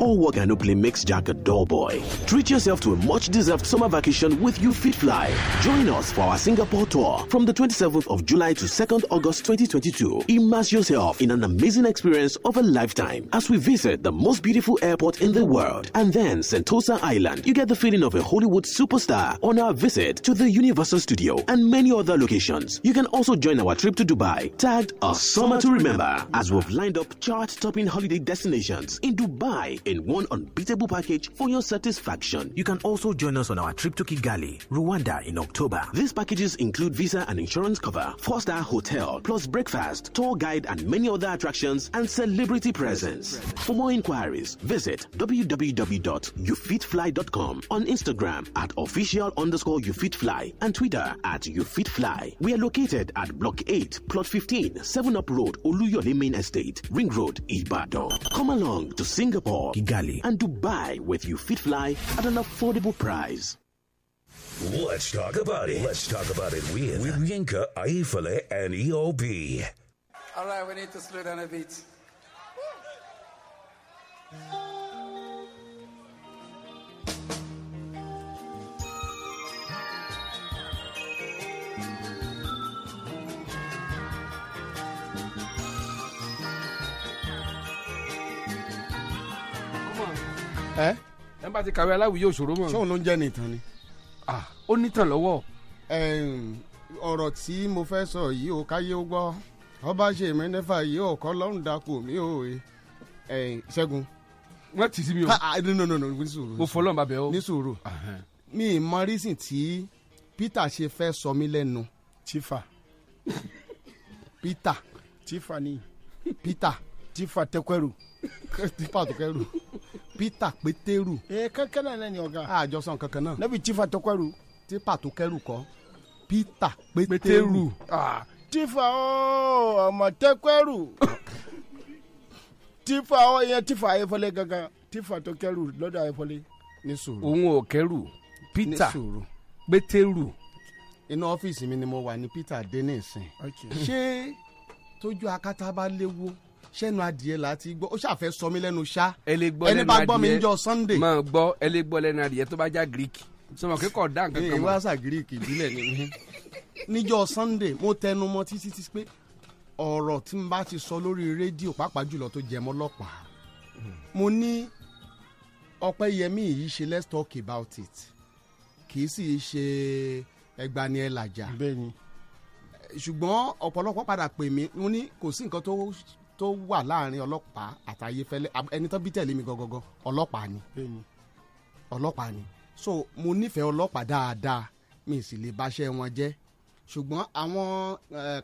or work and play makes Jack a dull boy. Treat yourself to a much deserved summer vacation with You Fit Fly. Join us for our Singapore tour from the 27th of July to 2nd August 2022. Immerse yourself in an amazing experience of a lifetime as we visit the most beautiful airport in the world and then Sentosa Island. You get the feeling of a Hollywood superstar on our visit to the Universal Studio and many other locations. You can also join our trip to Dubai, tagged A Summer to Remember, as we've lined up chart topping holiday destinations in Dubai in one unbeatable package for your satisfaction. You can also join us on our trip to Kigali, Rwanda in October. These packages include visa and insurance cover, four star hotel, plus breakfast, tour guide, and many other attractions and celebrity presence. For more inquiries, visit www.ufitfly.com on Instagram at official underscore ufitfly and Twitter at ufitfly. We are located at Block 8, Plot 15, 7 Up Road, Oluyole Main Estate, Ring Road, Ibadan. Come along to Singapore. Kigali and Dubai with fly at an affordable price. Let's talk about it. Let's talk about it with, with Yinka, Aifale, and EOB. All right, we need to slow down a bit. ẹ. ẹ bá ti kàwé aláwìyé òṣòro mọ. sóun ló ń jẹ́ nìtàn ni. ó nìtàn lọ́wọ́. ọ̀rọ̀ tí mo fẹ́ sọ yìí ó káyé ó gbọ́ ọba ṣe mí nẹ́fà yìí ó kọ́ lọ́rùn dàpọ̀ mí ó ṣẹ́gun. wọ́n ti sí mi o. no no no ní sùúrù. mo fọlọ́n bàbẹ́ o. ní sùúrù. mi mọ rísìn tí Peter ṣe fẹ́ sọ mí lẹ́nu. tífà. Peter. tífà ni. Peter. tífà tẹkẹrù. tífà tẹkẹrù peter peteru. ee kankan náà ni ọ̀gá. àjọsọ kankan náà. nẹ́bi tífà tó kẹrù. tífà tó kẹrù kọ́ peter peteru. tífà ó ọmọ tẹ kẹrù. tífà ó yẹn tífà ayéfọlé gangan tífà tó kẹrù lọ́dọ̀ ayéfọlé. ní sùúrù. òun ò kẹrù peter peteru. inú ọ́fíìsì mi ni mo wà ní peter dennison. ṣé tójú akátá bá léwu. Okay sẹ́nu adìẹ la ti gbọ́ ó ṣàfẹ́ sọ mí lẹ́nu ṣá ẹni bá gbọ́ mi níjọ́ sunday. máa gbọ́ ẹ lè gbọ́ lẹ́nu adìẹ tó bá já greek sọmọ kíkọ dá nǹkan kan mọ. ìwáṣà greek ìbílẹ̀ ni níjọ́ sunday mo tẹnu mọ́ títí títí pé ọ̀rọ̀ tí n bá ti sọ lórí rédíò pàápàá jùlọ tó jẹ mọ́ ọlọ́pàá mo ní ọpẹ́yẹmí yìí ṣe let's talk about it kì í sì í ṣe ẹgbani ẹlàjà ṣùgbọ́n ọ̀pọ̀lọpọ̀ padà pè mí mo ní kò sí nǹkan tó tó wà láàrin ọlọ́pàá àti Ayéfẹ́lẹ́ ẹni tó bí tẹ̀lé mi gangan ọlọ́pàá ni ọlọ́pàá ni so mo nífẹ̀ẹ́ ọlọ́pàá dáadáa mi sì lè báṣẹ́ wọn jẹ́ ṣùgbọ́n àwọn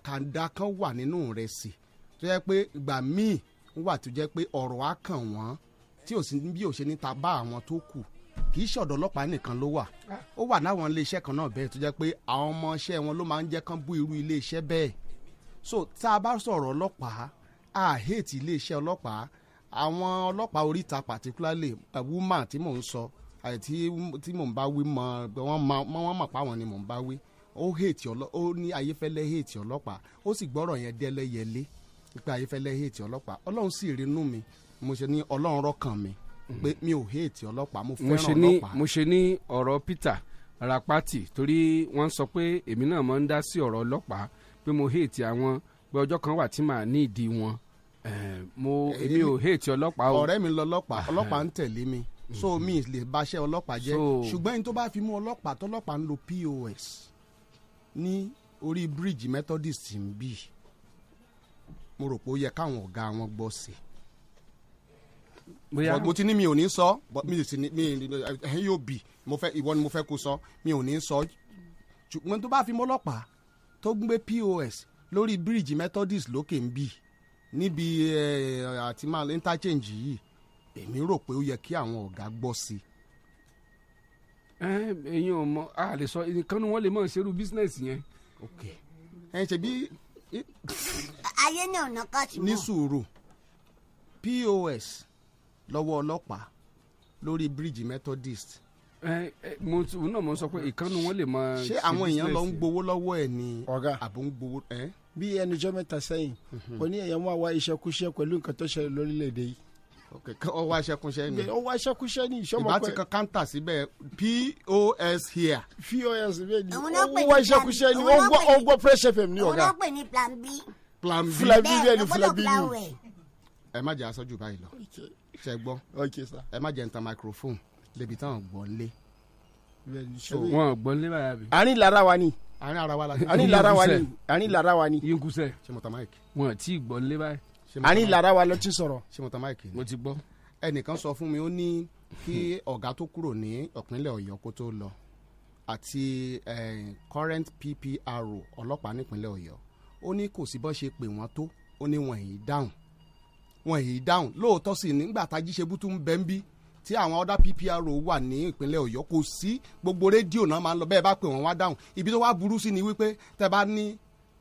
kàńdá kan wà nínú rẹ̀ sí tó jẹ́ pé ìgbà míì wà tó jẹ́ pé ọ̀rọ̀ á kàn wọ́n tí ò sí bí ò ṣe níta bá àwọn tó kù kì í ṣọ̀dọ̀ ọlọ́pàá nìkan ló wà ah. ó wà láwọn iléeṣẹ́ kan náà bẹ́ẹ̀ tó jẹ́ pé àwọn ọmọọṣẹ́ wọn ló máa ń jẹ́ kán bú irú iléeṣẹ́ bẹ́ẹ̀ so tá a bá sọ̀rọ̀ ọlọ́pàá a hate iléeṣẹ́ ọlọ́pàá àwọn ọlọ́pàá oríta particularly eh, woman tí mò ń sọ eh, tí mò ń bá wí mọ wọ́n mọ̀ pa wọn ni mò ń bá wí ó hate ọlọ́ ó ní ayéfẹ́lẹ́ hate ọlọ́pàá ó sì gbọ́rọ̀ yẹn dẹ́lẹ́yẹlé pé ayéfẹ́lẹ́ hate ọlọ́pàá ọlọ́run sì rinú mi mo ṣe ní ọlọ́run rọ́kàn mi pé mi ò hate ọlọ́pàá mo fẹ́ràn ọlọ́pàá. mo ṣe ní ọ̀rọ̀ Peter Rapati torí wọ́n sọ pé èmi náà máa ń dá sí ọ̀rọ̀ ọlọ́pàá pé mo hate àwọn pé ọjọ́ kan wà tí màá ní ìdí wọn mo èmi ò hate ọlọ́pàá o. ọ̀rẹ́ mi lọ ọlọ́pàá ọlọ́pàá ń tẹ̀lé mi so mm-hmm. mi lè baṣẹ́ ọlọ́pàá jẹ́ ṣùgbọ́n ẹni tó bá fi mú ọlọ́pàá tọ́lọ́pàá ń lo pos ní orí bridge methodist ń bì mo rò pé ó yẹ káwọn ọ̀gá wọn gbọ́ sí i mo ti ní mi ò ní sọ mi sì ní mi ẹ̀yin yóò bì mo ìwọ ni mo fẹ́ kó sọ mi ò ní sọ ṣùgbọ́n tó bá fi mọ́ ọlọ́pàá tó gbé pos lórí bridge methodist lókè ń bì níbi eh, àti máa interchange yìí èmi rò pé ó yẹ kí àwọn ọ̀gá gbọ́ sí i. ẹ̀yin ọmọ a lè sọ nǹkan ni wọ́n lè máa ṣerú bísínẹ́sì yẹn. ok ẹ ṣe bí. ayé ní ọ̀nà káàtì mọ́. ní sùúrù pos lọ́wọ́ ọlọ́pàá lórí bíríìjì methodist. ẹ ẹ mo náà mo sọ pé ìkànnì wọn lè máa. ṣé àwọn èèyàn lọ ń gbowó lọ́wọ́ ẹ̀ ni àbò ń gbowó ẹ̀. Eh? bí ẹnìjọ́ mẹ́ta sẹ́yìn mhm. ó ní ẹ̀yàn wá wá iṣẹ́ kúṣẹ́ pẹ̀lú nǹkan tó ṣẹlẹ̀ lórílẹ̀ yìí. ok ó wá iṣẹ́ ni. ó wá iṣẹ́ kúṣẹ́ ni ìṣọmọ ìbá ti kan káńtà síbẹ̀ pos here. pos bẹ́ẹ̀ ni ó wá iṣẹ́ ni ó gbọ́ fresh fm ní ọ̀gá. òun náà pè ní plan b. plan b plan b bẹ́ẹ̀ ni plan b ni. ẹ má jẹ́ aṣojú báyìí lọ ṣe gbọ́ ẹ má jẹ́ n tan microphone débi táwọn gbọ́ lé. so wọn gbọ́ lé báyà bí. àárín lára wa ni àárín ara wa la. àárín lara wa ni àárín lara wa ni. yinkusẹ ṣe mọta máìkì. wọn ti gbọ́ nílé báyìí. àárín lara wa ló ti sọ̀rọ̀. ṣe mọta máìkì. mo ti gbọ́. ẹnìkan sọ fún mi ó ní kí ọ̀gá tó kúrò ní ìpínlẹ̀ ọ̀yọ́ kó tó lọ àti current PPRO ọlọ́pàá nípínlẹ̀ ọ̀yọ́ ó ní kò sí bọ́ ṣe pè wọ́n tó ó ní wọ́n yìí dáhùn wọ́n yìí dáhùn lóòótọ́ sí nígbà tá jíṣebú tún bẹ́ẹ̀ ń bí tí àwọn ọ̀dà PPRO wà ní ìpínlẹ̀ Ọ̀yọ́ kò sí gbogbo rédíò náà máa ń lọ bẹ́ẹ̀ bá pè wọ́n wá dáhùn ibi tó wá burú sí ni wípé tẹ́ bá ní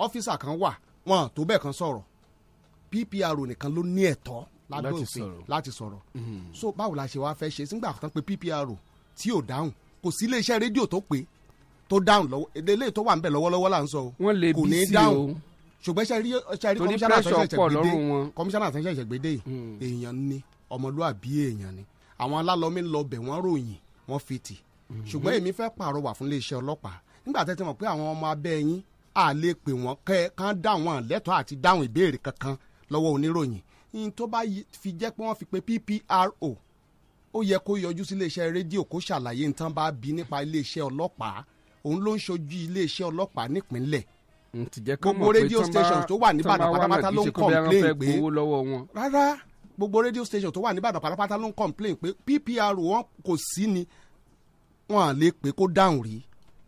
ọ́fíìsà kan wà wọn tó bẹ́ẹ̀ kan sọ̀rọ̀ PPRO nìkan ló ní ẹ̀tọ́ lábẹ́ òfin láti sọ̀rọ̀ hmm. so báwo la ṣe wá fẹ́ ṣe sígbà kan pé PPRO tí ò dáhùn kò sí iléeṣẹ́ rédíò tó pé tó dáhùn lọ́wọ́ eléyìí tó wà ń bẹ̀ lọ́wọ́lọ́wọ́ là ń sọ o kò ní dáhùn ṣùgbọ́n ṣe rí kọmíṣánná àtúnṣe ìṣẹ̀gbédé kọmíṣánná àtúnṣe ìṣẹ̀gbédé hmm. èèyàn ni ọmọlúàbí èèyàn ni àwọn alálọ́mí lọ bẹ̀ wọ́n ròyìn wọ́n fi tì mhm. ṣùgbọ́n èmi fẹ́ pàrọwà fún iléeṣẹ́ ọlọ́pàá nígbà tẹ́ ti mọ̀ pé àwọn ọmọ abẹ́ yín à lè pè wọ́n kẹ́ kán dá wọn lẹ́tọ̀ọ́ àti dáhùn ìbéèrè kankan lọ́wọ́ oníròyìn yín tó bá fi jẹ́ pé wọ́n fi pe PPRO ó yẹ kó yọjú sí iléeṣẹ́ rédíò kó ṣàlàyé nǹkan bá bí nípa iléeṣẹ́ ọlọ́pàá òun ló ń ṣojú iléeṣẹ́ ọlọ́pàá nípínlẹ̀ gbogbo rédíò stations tó wà níbàdàn pátápátá ló ń kọ̀ǹplé pé rárá gbogbo radio station tó wà níbàdàn pátápátá ló ń complain pé PPR wọn kò sí ni wọn à lè pé kó dáhùn rí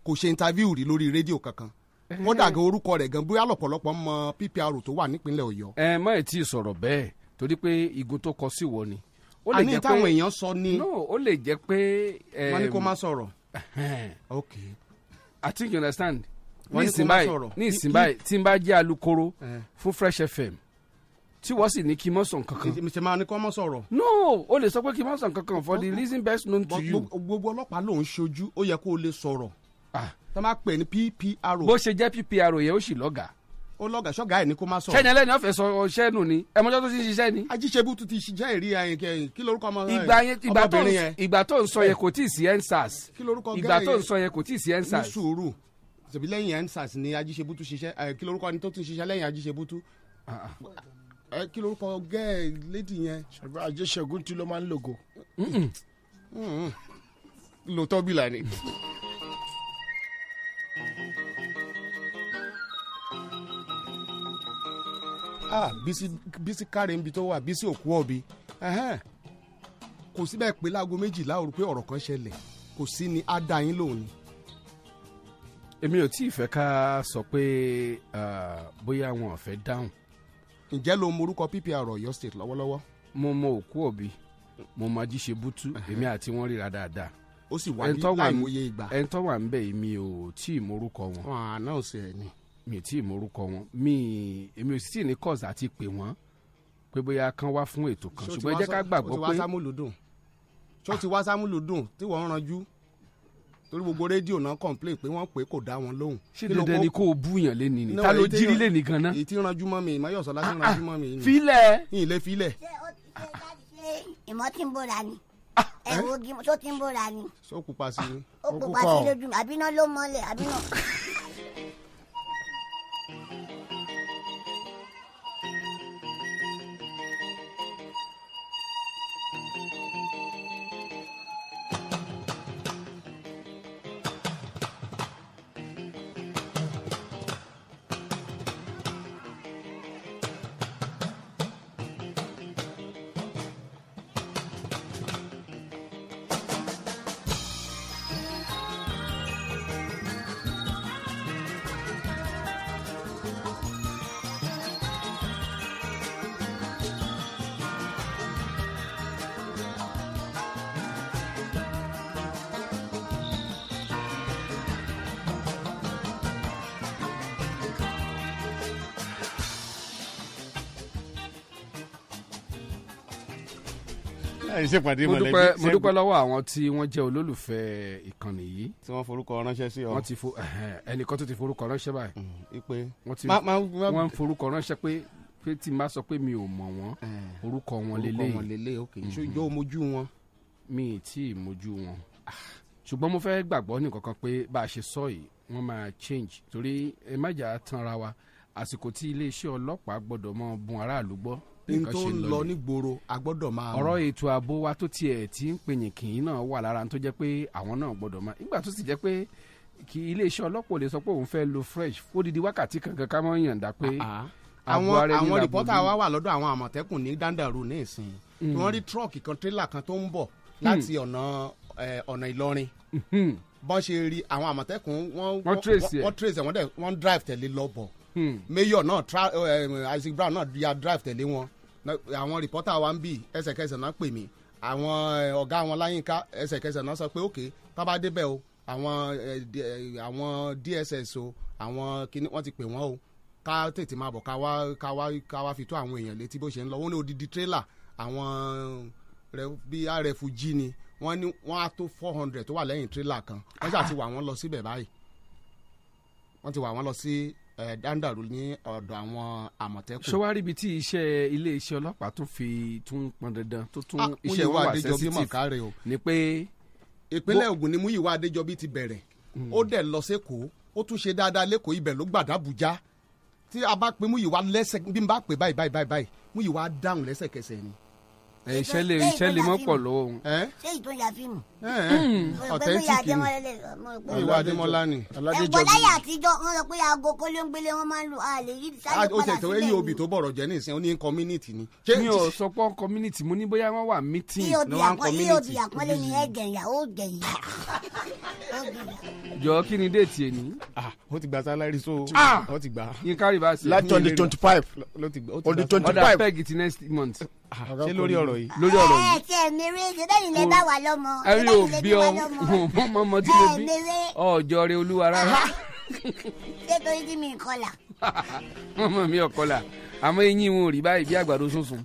kò ṣe interview rí lórí radio kankan wọ́n eh. dàgẹ́ orúkọ rẹ̀ gan bóyá lọ́pọ̀lọpọ̀ mọ PPR tó wà nípínlẹ̀ Ọ̀yọ́. ẹ má ẹ tí ì sọ̀rọ̀ bẹ́ẹ̀ torí pé igun tó kọ sí wọ ni. ó lè jẹ́ pé àní táwọn èèyàn sọ ni. no ó lè jẹ́ pé. wọ́n ní kó má sọ̀rọ̀. ok. I think you understand. wọ́n ní kó má sọ̀rọ̀. ní ìsìn báyìí tí n bá jẹ́ alukoro eh. fún Fresh FM tí wọ́n sì ní kí mọ́ sàn kankan. mr maa kọ́ mọ́ sọ̀rọ̀. no o lè sọ pé kí mọ́ sàn kankan for the reason best known to you. gbogbo ọlọ́pàá ló ń ṣojú ó yẹ kó o lè sọ̀rọ̀. Ah. tá a máa pè ní ppro. bó ṣe jẹ́ ppro yẹn ó sì lọ́gàá ó lọ́gà ṣọ́gà ẹ̀ ní kó má sọ. sẹ́ni ẹlẹ́ni ọ̀fẹ́ sọ ọ̀ṣẹ́ nù ni ẹmọjọ́ tó ti ṣiṣẹ́ ni. ajíṣebú tún ti ṣiṣẹ́ ìrí ayẹyẹ kẹyìn kí lorúkọ ọmọ ìgbà yẹn eh, ìgbà tó ìgbà tó ń sọ yẹn kò tí ì sí ensars ìgbà tó ni ajíṣebú tún ṣiṣẹ́ eh, kí ẹ kí lorúkọ gẹ́ẹ̀ lédi yẹn. ṣàgbọ́n àjẹsẹ̀gùn tí ló máa ń lògò. lóòótọ́ bí lànà. ah bisi bisi káre nbi tó wà bisi òkú ọ̀bi kò síbẹ̀ pé láago méjìlá òru pé ọ̀rọ̀ kan ṣẹlẹ̀ kò sí ni á dá yín lóhùn ni. èmi ò tí ì fẹ́ ká sọ pé bóyá wọn ò fẹ́ dáhùn ǹjẹ́ ló ń morúkọ PPR Ọ̀yọ́ state lọ́wọ́lọ́wọ́. mo mọ òkú òbí mo mọ ajíṣe bútú èmi àti wọn ríra dáadáa ó sì wà ní àìmọye ìgbà. ẹni tó wà ń bẹ̀ mi ò tí ì morúkọ wọn. wọn àná ò sì ẹ̀ ni. mi ò tí ì morúkọ wọn mi èmi ò sì tí ì ní kọ́ọ̀sì àti pè wọ́n pé bóyá kan wá fún ètò kan ṣùgbọ́n ẹ jẹ́ ká gbàgbọ́ pé. o ti wá sámúlò dùn tí wọ́n ranjú torí gbogbo rédíò náà complain pé wọ́n pè é kò dá wọn lóhùn. ṣé dandan ni kò búyàn lé ni ni ta ló jírí lé ni ganan. èyí tí ń ranjú mọ́ mi ìmáyọ̀sọ́lá ti ń ah, ranjú mọ́ mi. filẹ̀. ìlẹ̀ filẹ̀. ìmọ̀ tí ń bóra ni ah, ẹ̀wọ̀n tó ti ń bóra ni. sókùpá sí i. ó kópa sí lójú mi àbínú ló mọ́lẹ̀ àbínú. mo dúpẹ́ lọ́wọ́ àwọn tí wọ́n jẹ́ olólùfẹ́ ìkànnì yìí. tí wọ́n forúkọ ránṣẹ́ sí ọ. wọ́n ti fo ẹnìkan tó ti forúkọ ránṣẹ́ báyìí. Mm, ipe wọ́n forúkọ ránṣẹ́ pé pé tí n bá sọ pé mi ò mọ̀ wọ́n eh, orúkọ wọn lélẹ́yìn. orúkọ wọn lélẹ́yìn ok ṣé yóò mhm. mojú wọn. mi ì tí ì mojú wọn ah, ṣùgbọ́n mo fẹ́ gbàgbọ́ nìkankan pé bá a ṣe sọ yìí wọ́n máa change torí ẹ má jà tanra wa àsìkò tí iléeṣẹ́ ọlọ́pàá gbọ́dọ̀ mọ bun aráàlú gbọ́ n tó ń lọ nígboro a gbọ́dọ̀ máa. ọ̀rọ̀ ètò ààbò wa tó tiẹ̀ tí ń pinyin kìí náà wà lára tó jẹ́ pé àwọn náà gbọ́dọ̀ máa nígbà tó sì jẹ́ pé kí iléeṣẹ́ ọlọ́pàá lè sọ pé òun fẹ́ lo fresh ó di di wákàtí kankan ká mọ́ yànda pé. Ah, ah. àwọn àwọn rìpọ́tà wa wà lọ́dọ̀ àwọn àmọ̀tẹ́kùn ní dandaru ní ìsìn hmm. wọ́n rí tírọ́ọ̀kì kan tírélà kan tó ń bọ̀ hmm. láti ọ̀nà ọ̀nà Ìlọrin hmm. bọ́n ṣe rí àwọn àmọ̀tẹ́kùn wọ́n trace ẹ̀ wọ́n drive tẹ̀lé lọ́bọ̀ mayor náà Isaac Brown náà ya drive tẹ̀lé wọn àwọn rìpọ́tà wa ń bì ẹsẹ̀kẹsẹ̀ náà pè mí àwọn eh, ọ̀gá wọn láyínká ẹsẹ̀kẹsẹ̀ náà sọ pé òkè tábà débẹ̀ o àwọn eh, àwọn DSS o àwọn kíní wọ́n ti pè wọ́n o ká tètè máa bọ̀ ká wá ká wá ká wá fi tó àwọn èèyàn létí bó ṣe ń lọ wọ́n ní odidi tírélà àwọn bí arẹfují ni wọ́n ní wọ́n á tó four hundred tó wà lẹ́yìn tírélà kan wọ́n ṣáà ti wà wọ́n lọ síbẹ̀ báyìí wọ́n ti wà wọ́n lọ sí dáńdàrú ní ọ̀dọ̀ àwọn àmọ̀tẹ́kùn. sọwárí ibi tí iṣẹ́ iléeṣẹ́ ọlọ́pàá tún fi tún pọn dandan tó tún ah, iṣẹ́ wa Adéjọbí mọ̀kárẹ́ o ni pé. ìpínlẹ̀ Ògùn ni Múyìwá Adéjọbí ti bẹ̀rẹ̀ hmm. ó dẹ̀ lọ sẹ́kọ̀ọ́ ó tún ṣe dáadáa lẹ́kọ̀ọ́ ibẹ̀ ló gbàdá Àbújá tí a bá pe Múyìwá lẹ́sẹ̀ bí n bá pè báyìí báyìí báyìí Múyìwá dáhùn lẹ́sẹ̀kẹsẹ̀ ni iṣẹ́ lè iṣẹ́ lè mọ́ pọ̀ lọ́wọ́ òun. ṣé ìtò ya fíìmù. ọ̀tẹ́ntìkì ni ìwà adémọlá ni aládéjọbí. ẹ̀pọ̀ láyé àtijọ́ wọn sọ pé aago kólóńgbélé wọn máa ń lo àlè yìí sáyé padà sílẹ̀. o ṣètò eyín obì tó bọ̀rọ̀ jẹ́ ní ìsìn ó ní community ni. mi ò sọ pé community mo ní bóyá wọ́n wà meeting ní wọ́n community. iye obì àpọ́nlé ni ẹ gẹ̀yà ó gẹ̀yà. jọ kí ni déètì ẹ ní. ó ti gba salary so ah! ó ti gba. yín kárí bá a sí. láti on the twenty five. on the twenty five. ọ̀dà peg ti next month ṣé lórí ọ̀rọ̀ yìí. lórí ọ̀rọ̀ yìí. ẹ ti ẹ mèrè ṣe bẹ́ẹ̀ ni lè bá wa lọ́mọ. ẹ rí o bí ọ mọ ọmọ tí mo bí ọjọ́ rẹ olúwa rárá. ṣé torí tí mi kọlà. mọ̀mọ́ mi ò kọlà àmọ́ eyín wọn ò rí báyìí bí àgbàdo sunsun.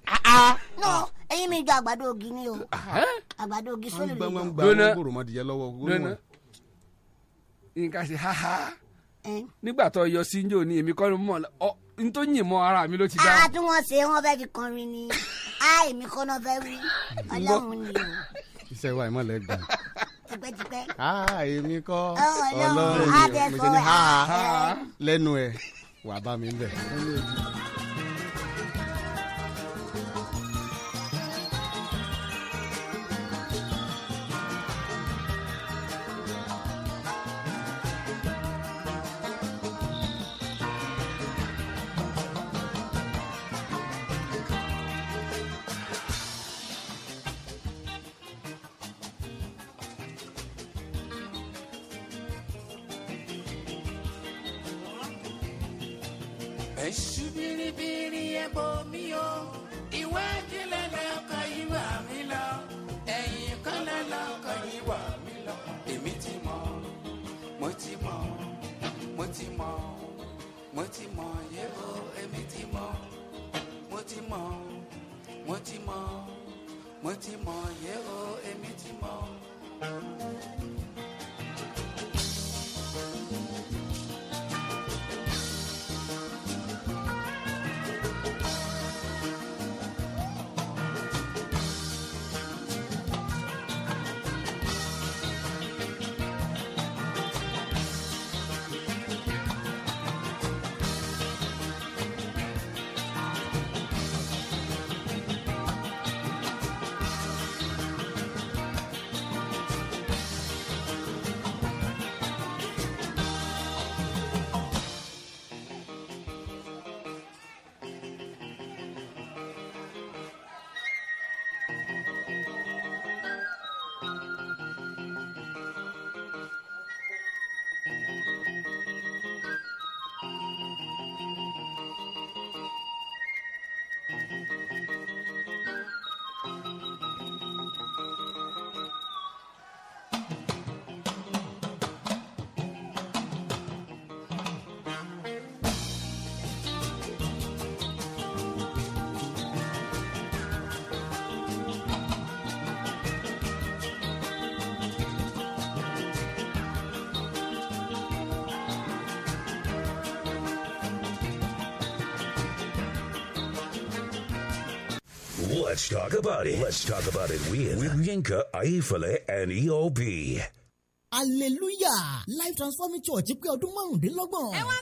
náà eyín mi jọ àgbàdo ògì ni o àgbàdo ògì sólè lè lọ. gbọ́n gbọ́n gbọ́n gbòòrò mọ́ nígbà tó yọ sí njó ni èmi kọ́ ni mo mọ̀ n tó yìn mọ́ ara mi ló ti dá. ara ah, tí wọ́n ṣe wọ́n fẹ́ fi kọrin ni a ah, èmi kọ́ náà fẹ́ wí ọlọ́run ni o. iṣẹ́ wa ìmọ̀ lẹ gbà. tipẹ́tipẹ́. a ah, èmi kọ́ ọlọ́run ni o mo ṣe ni ha lẹ́nu ẹ̀ wà bá mi bẹ̀. Èṣù biribiri ẹ̀bọ mi o, ìwádìí lọ́lọ́kọ̀ ìwà mi lọ, ẹ̀yìn kan lọ́lọ́kọ̀ ìwà mi lọ. Èmi ti mọ̀, mo ti mọ̀, mo ti mọ̀, mo ti mọ̀ yẹ́bọ èmi ti mọ̀, mo ti mọ̀, mo ti mọ̀, mo ti mọ̀ yẹ́bọ èmi ti mọ̀. Let's talk about it. Let's talk about it with, with Yinka, Aifale, and EOB. Hallelujah! Life Transforming Church pé ọdún márùndínlọ́gbọ̀n. Ẹ wá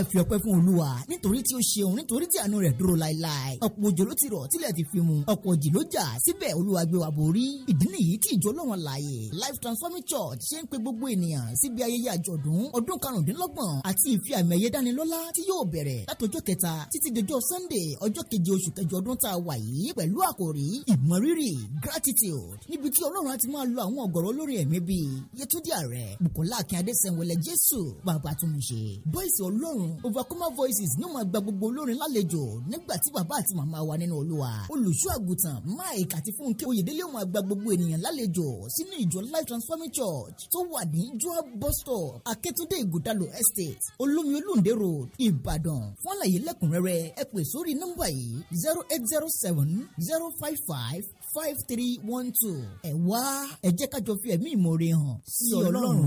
ẹ fi ọpẹ́ fún olúwa nítorí tí ó ṣeun nítorí tí àánú rẹ̀ dúró láéláé ọ̀pọ̀ òjò ló ti rọ̀ tílẹ̀ ti fi mu ọ̀pọ̀ òjì ló jà síbẹ̀ olúwa gbé wa borí ìdí nìyí tí ìjọ Ọlọ́run alààyè life transforming church ṣe ń pe gbogbo ènìyàn síbi ayẹyẹ àjọ̀dún ọdún karùndínlọ́gbọ̀n àti ìfi àmì ẹ̀yẹ dánilọ́lá tí yóò bẹ̀rẹ̀ látọjọ́ kẹta títí dọjọ́ sunday ọjọ́ keje oṣù kẹjọ ọdún tá a wà yìí pẹ̀lú àkòrí ìmọrírì gratitude níbi tí Ọlọ́run á ti máa lo àwọn ọ̀gọ̀rọ̀ olórin ẹ̀mí bíi Yétúndé Ààrẹ Bùkọ́lá Akínyadé Sẹ́wọ̀lẹ̀ Jésù bàbá túnmùṣe bọ́ìsì Ọlọ́run ọlọ́run Overcomer Voices ní wọn gba gbogbo olórin lálejò nígbà tí bàbá àti màmá wa nínú olúwa olùṣọ́ àgùntàn Mike àti Fúnkẹ́ Oyèdélé wọn gba gbogbo ènìyàn lálejò sínú ìjọ Life Transforming Church tó wà ní Joab bus stop Akẹ́túndé Ìgòdàlò Estate Olómi Olúndé Road Ìbàdàn fún àlàyé lẹ́kùnrẹ́rẹ́ ẹ pè sórí nọ́mbà yìí zero eight zero seven zero five five five three one two ẹ wá ẹ jẹ́ kájọ fi ẹ̀mí ìmoore hàn sí ọlọ́run.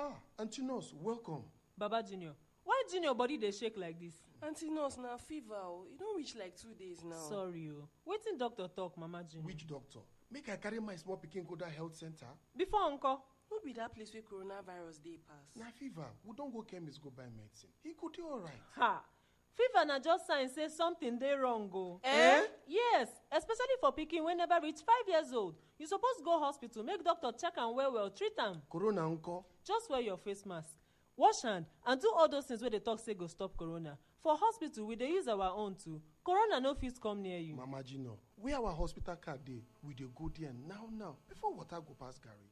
ah Antinous, welcome baba junior why junior body dey shake like this? auntie nurse na fever o e don reach like two days now sorry o wetin doctor talk mama junior which doctor make i carry my small pikin go dat health center before uncle, no be dat place wey coronavirus dey pass na fever we don go chemist go buy medicine He go dey alright ha fever na just sign say something dey wrong o eh? eh yes especially for pikin wey never reach five years old you suppose go hospital make doctor check am well well treat am corona nko just wear your face mask wash hand and do all those things wey dey talk say go stop corona for hospital we dey use our own too corona no fit come near you mama gino where our hospital card dey we dey go there now now before water go pass garri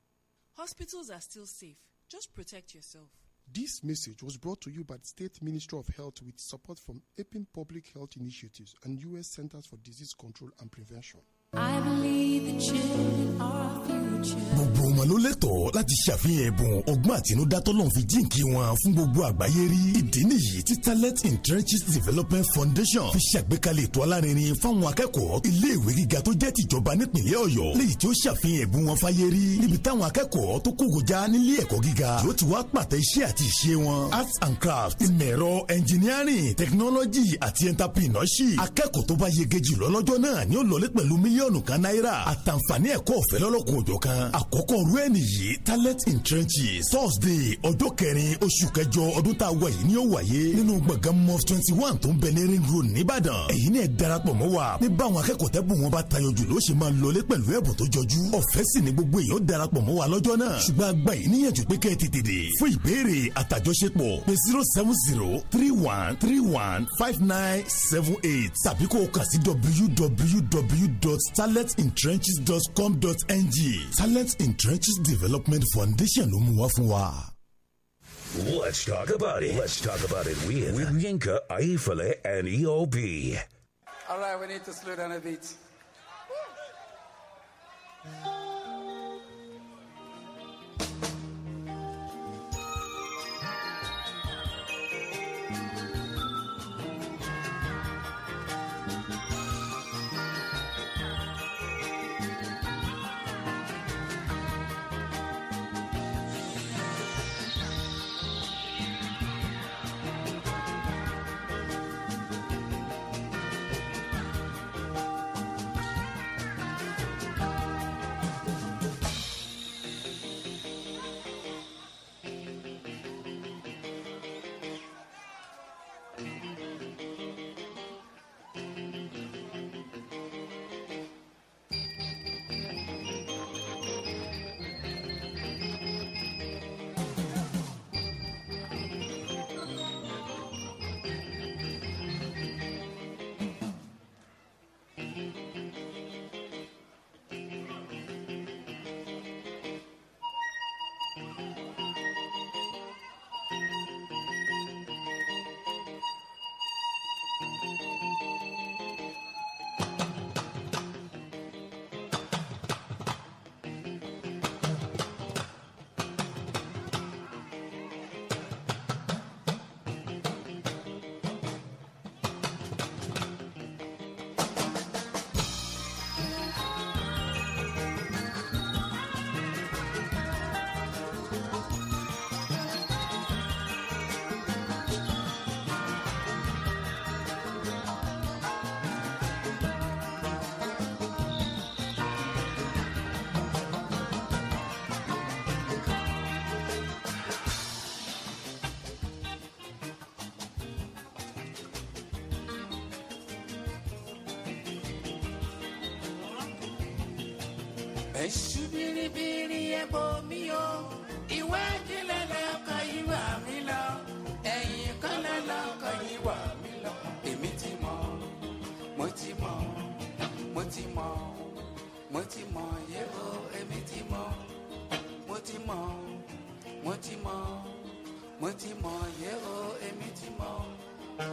hospitals are still safe just protect yourself This message was brought to you by the State Ministry of Health with support from APIN Public Health Initiatives and U.S. Centers for Disease Control and Prevention. I believe the children are future. gbogbo wọn ló lẹ́tọ̀ọ́ láti ṣàfihàn ẹ̀bùn ọgbọ́n àtinúdá tọ́lọ́run fi jíǹkí wọn fún gbogbo àgbáyé rí. ìdí nìyí tí talent in trenches development foundation fi ṣàgbékalẹ̀ ètò alárinrin fáwọn akẹ́kọ̀ọ́ iléèwé gíga tó jẹ́ tìjọba nípìnlẹ̀ ọ̀yọ́ léyìí tí ó ṣàfihàn ẹ̀bùn wọn fáyé rí níbi táwọn akẹ́kọ̀ọ́ tó kógojá nílé ẹ̀kọ́ gíga ló ti arts and crafts ìmọ̀ engineering technology àti entrepreneurship akẹ́kọ̀ọ́ tó bá yege jù lọ́lọ́jọ́ ni ó lọlé mílíọ̀nù kan náírà àtàǹfààní ẹ̀kọ́ ọ̀fẹ́ lọ́lọ́kùn òjọ̀ kan àkọ́kọ́ rú ẹni yìí talent in trenches thursday ọjọ́ kẹrin oṣù kẹjọ ọdún tá a wà yìí ni ó wáyé nínú gbọ̀ngàn mọ́f twenty one tó ń bẹ ní ring road nìbàdàn èyí ni ẹ darapọ̀ mọ́ wa ní báwọn akẹ́kọ̀ọ́ tẹ́bùn wọn bá tayọ jù ló ṣe máa lọlé pẹ̀lú ẹ̀bùn tó jọjú ọ̀fẹ́ sì ni gbogbo èèyàn darapọ̀ zero seven zero three one three one five nine seven eight tàbí kó o kà talentintrenches.com.ng talent in trenches development foundation ló mú let us talk about it. Let's talk about it with, with Yinka, Aifale, and EOB. All right, we need to slow down a bit. Woo. ti mọ̀ Yellow, and mọ̀ yẹ́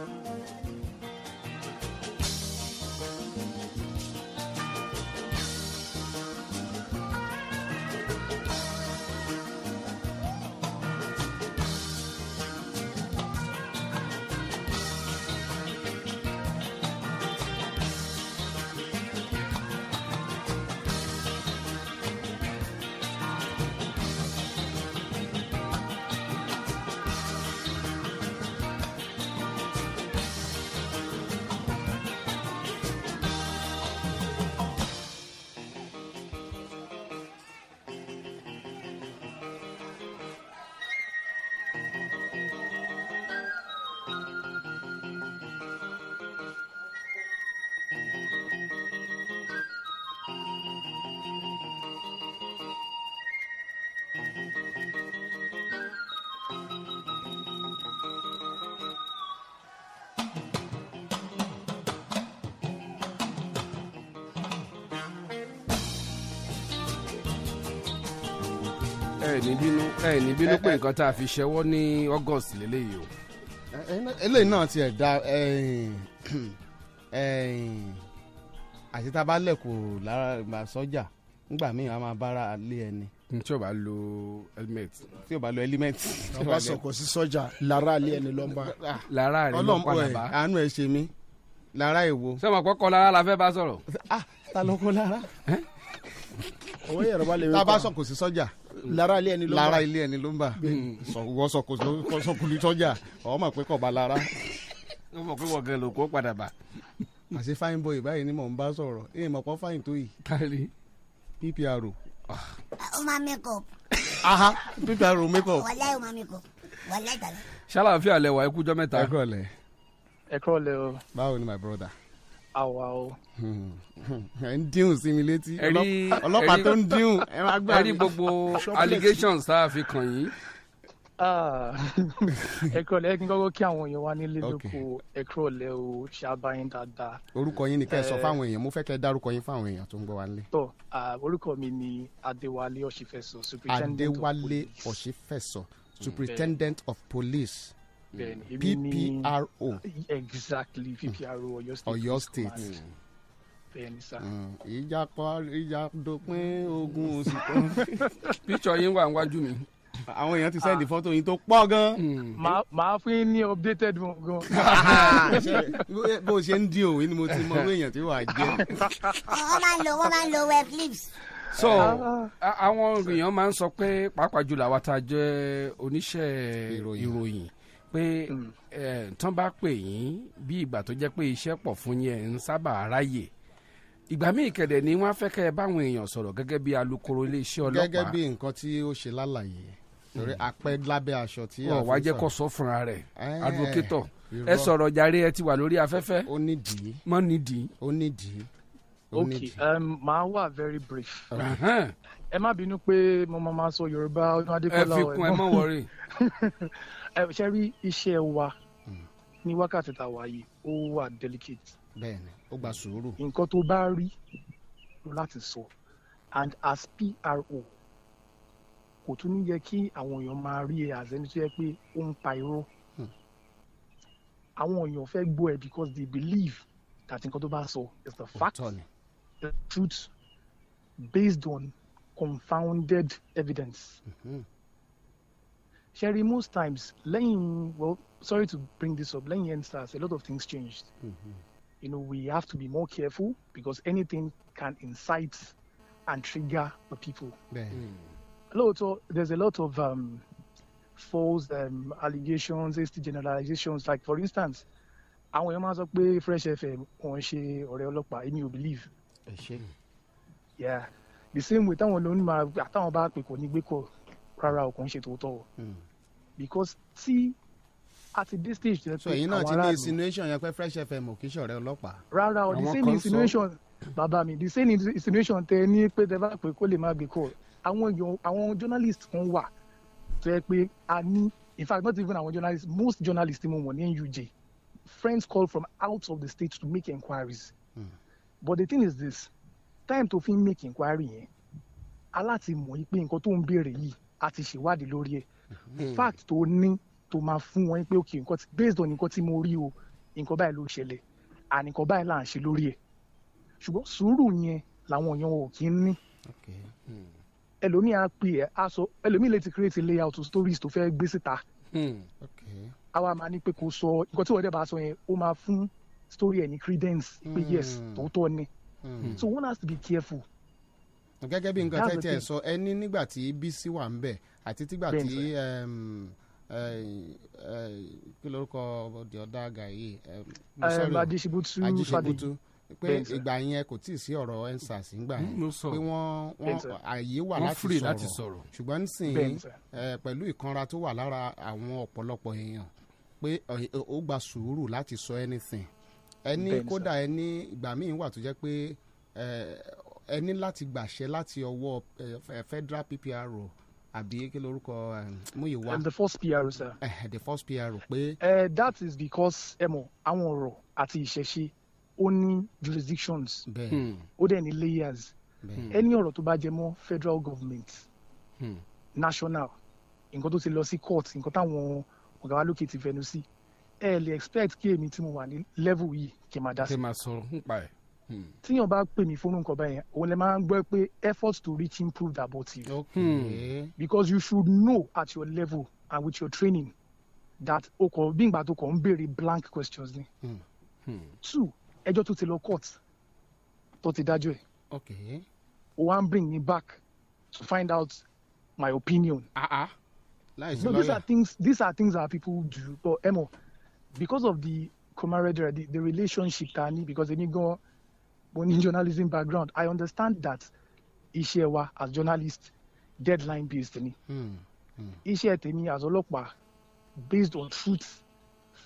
ẹ ní bínú ẹ ní bínú pé nǹkan tá a fi ṣẹwọ́ ní August lélẹ́yìí o. eléyìí náà tiẹ̀ da àti tá a bá lẹ̀kọ̀ lára sọ́jà nígbà míì a máa bára lé ẹni. tí o bá lo helmet. tí o bá lo helmet. o bá sọkọ sí sọ́jà lára lé ẹni lọ́nba. Ah, lára rẹ ló pa nàbá. àánú ẹ ṣe mí lára èwo. sọ́mọ̀ kọ́kọ́ lára la fẹ́ bá sọ̀rọ̀. ah ta ló kó lára. owó yẹrọ bá lè wí bá sọkọ sí sọ́jà. lára ilé ẹni ló Lara bà lára ilé ẹni sọ ń pé bá lára wọ́n mọ̀ pé wọ́n gẹ̀ padà bà. àṣé fine boy báyìí ni mò ń bá sọ̀rọ̀ ẹ̀ mọ̀ fine tó yìí. kárí ppr. Ah, ó aha ppr makeup up. o. báwo ni my brother. àwa o. Hmm. ẹ ń díhùn sí mi létí ọlọ́pàá tó ń díhùn ẹ máa gbà mí. ẹ rí gbogbo allegations tá a fi kàn yín. Ah. ẹ kúrọ̀lẹ́ ẹ kí n kọ́kọ́ kí àwọn èèyàn wá nílé lóko ẹ kúrọ̀lẹ́ o ṣe abáyín dáadáa. orúkọ yín ni kẹ́ ẹ sọ eh. fáwọn èèyàn mo fẹ́ kẹ́ ẹ dárúkọ yín fáwọn èèyàn tó ń gbọ́ wa nílé. tọ orúkọ mi ni Adéwálé Ọ̀ṣífẹ̀sọ superintendent of police. Adéwálé Ọ̀ṣífẹ̀sọ superintendent of police then mm. PPRO ah, exactly PPRO Ọ̀yọ́ state your state mm. mm. ìjà kọ ìjà dópin ogun oṣù kan. píṣọ yín wà níwájú mi. àwọn èèyàn ti sẹ́ndì fọ́tò yín tó pọ̀ gan. màá fún ní updated one gan. bó o ṣe ń dín òwe ni mo ti mọ owó èèyàn tí wàá jẹ. wọ́n máa ń lo wọ́n máa ń lo web clips. so ah. àwọn èèyàn máa ń sọ pé pàápàá jùlọ àwa tá a jẹ́ oníṣẹ́ ìròyìn pé mm. tán bá pè yín bí ìgbà tó jẹ́ pé iṣẹ́ pọ̀ fún yín ń sábà ráyè ìgbà míì kẹ̀dẹ̀ ni wọ́n á fẹ́ kẹ́ ẹ báwọn èèyàn sọ̀rọ̀ gẹ́gẹ́ bí alukoro iléeṣẹ́ ọlọ́pàá. gẹ́gẹ́ bí nǹkan tí ó ṣe lálàyé torí mm. apẹ́ lábẹ́ aṣọ tí a fi sọ. kó sọ fúnra rẹ̀ advocator ẹ sọ̀rọ̀ jàre ẹ ti wà lórí afẹ́fẹ́. ó nídìí. mọ́ nídìí. ó nídìí. okay um, màá wà very brief. ẹ má bínú pé mo máa sọ Yorùbá ọdún Adékọ́lá ẹ fi kún ẹ mọ́ wọrí. ṣe rí iṣẹ́ wa hmm. ní wákàtí tá a wà ó wà delicate. bẹ́ẹ̀ni ó gba sùúrù. nǹkan tó bá rí láti sọ and as PRO kò tún ní yẹ kí àwọn èèyàn máa rí ẹ àzẹni tó yẹ pé ó ń pa irọ́ hmm. àwọn èèyàn fẹ́ gbọ́ ẹ because they believe that nǹkan tó bá sọ is the fact the truth based on confounded evidence. Mm-hmm. Sherry, most times, lẹ́yìn, well, sorry to bring this up, lẹ́yìn NSAS, a lot of things changed. Mm-hmm. You know, we have to be more careful because anything can incite and trigger the people. Mm. Lóòótọ́, there's a lot of um, false um, allegations, hasty generalizations. Like for instance, àwọn èèyàn máa sọ pé Fresh FM wọ́n ṣe ọ̀rẹ́ ọlọ́pàá, èmi ò believe. Ẹ ṣe. Yeah, the same way táwọn lónìí máa àtàwọn bá pè kò ní gbé kọ́ rárá o ṣe tòótọ́ o hmm. because tí at this stage tẹ pé àwọn aráàlú. so èyí náà ti ní insinuation yẹn pé Fresh FM ò kí ṣọ̀rẹ́ ọlọ́pàá. rárá o the same insinuation bàbá mi the same insinuation tẹ ní pé tẹ bá pé kó lè má gbé kọ àwọn èèyàn àwọn journalist kan wà tó yẹ pé a ní in fact not even àwọn journalists most journalists mo mọ̀ ní NUJ friends call from out of the state to make inquiries. mm. but the thing is this time to fit make inquiry. yẹn aláti mọ̀ yìí pé nǹkan tó ń béèrè yìí a ti ṣèwádìí lórí ẹ̀ mhm. fact tó ní tó máa fún wọn pé ok nǹkan based on nǹkan tí mo rí o nǹkan báyìí ló ṣẹlẹ̀ à nǹkan báyìí là ń ṣe lórí ẹ̀ ṣùgbọ́n sùúrù yẹn làwọn èèyàn ò kí ń ní hmm. ẹlòmíì á pè ẹ á sọ ẹlòmíì lè ti create layout of stories tó fẹ́ gbé síta àwa hmm. máa ní pé kó sọ nǹkan tí wọ́n dẹ̀ bá sọ yẹn ó máa fún story ẹ̀ ní credence pé yes hmm. tòótọ́ ni so one has to be careful gẹ́gẹ́ bí nǹkan tẹ́tí ẹ̀ sọ ẹni nígbà tí Bísí wà ń bẹ̀ àti tígbà tí kí lorúkọ the other guy yìí Adisibutu Fadi pé ìgbà yẹn kò tíì sí ọ̀rọ̀ ensars ńgbà mm, yẹn pé wọ́n àyè wà láti sọ̀rọ̀ ṣùgbọ́n nísìnyí pẹ̀lú ìkanra tó wà lára àwọn ọ̀pọ̀lọpọ̀ èèyàn pé ó gba sùúrù láti sọ anything ẹni kódà ẹni ìgbà míì wà tó jẹ́ pé ẹ ní láti gbàṣẹ láti ọwọ́ federal PPRO àbí kí lorúkọ Múyìwá. the first PRO sir. Uh, the first PRO pé. Uh, that is because ẹ mọ̀ àwọn ọ̀rọ̀ àti ìṣẹ̀ṣe ó ní jurisdictions. bẹ́ẹ̀ hmm. ó dẹ̀ ní layers. bẹ́ẹ̀ ẹni ọ̀rọ̀ tó bá jẹ mọ́ federal government hmm. national nǹkan tó ti lọ sí court nǹkan táwọn ọ̀gá wa lókè ti fẹnu sí ẹ lè expect kí èmi tí mo wà ní level yìí kí n máa dá sí. kí n máa sọ nípa ẹ̀ tíyàn bá pè mí fún nǹkan báyẹn òun lè máa ń gbọ́ pé effort to reach improved about you. Hmm. because you should know at your level and with your training that o kò bí ìgbà tó kò ń béèrè blank questions ni. Hmm. Hmm. two ẹjọ́ tó ti lọ court tó ti dájọ́ ẹ̀. Okay. o bring me back to find out my opinion. Uh-uh. No, these are things these are things our people do but emo because of the camaraderie the, the relationship ta ni because emi gan mo ní journalism background i understand that iṣẹ́ wa as journalist deadline based ni hmm, hmm. iṣẹ́ tèmi as ọlọ́pàá based on truth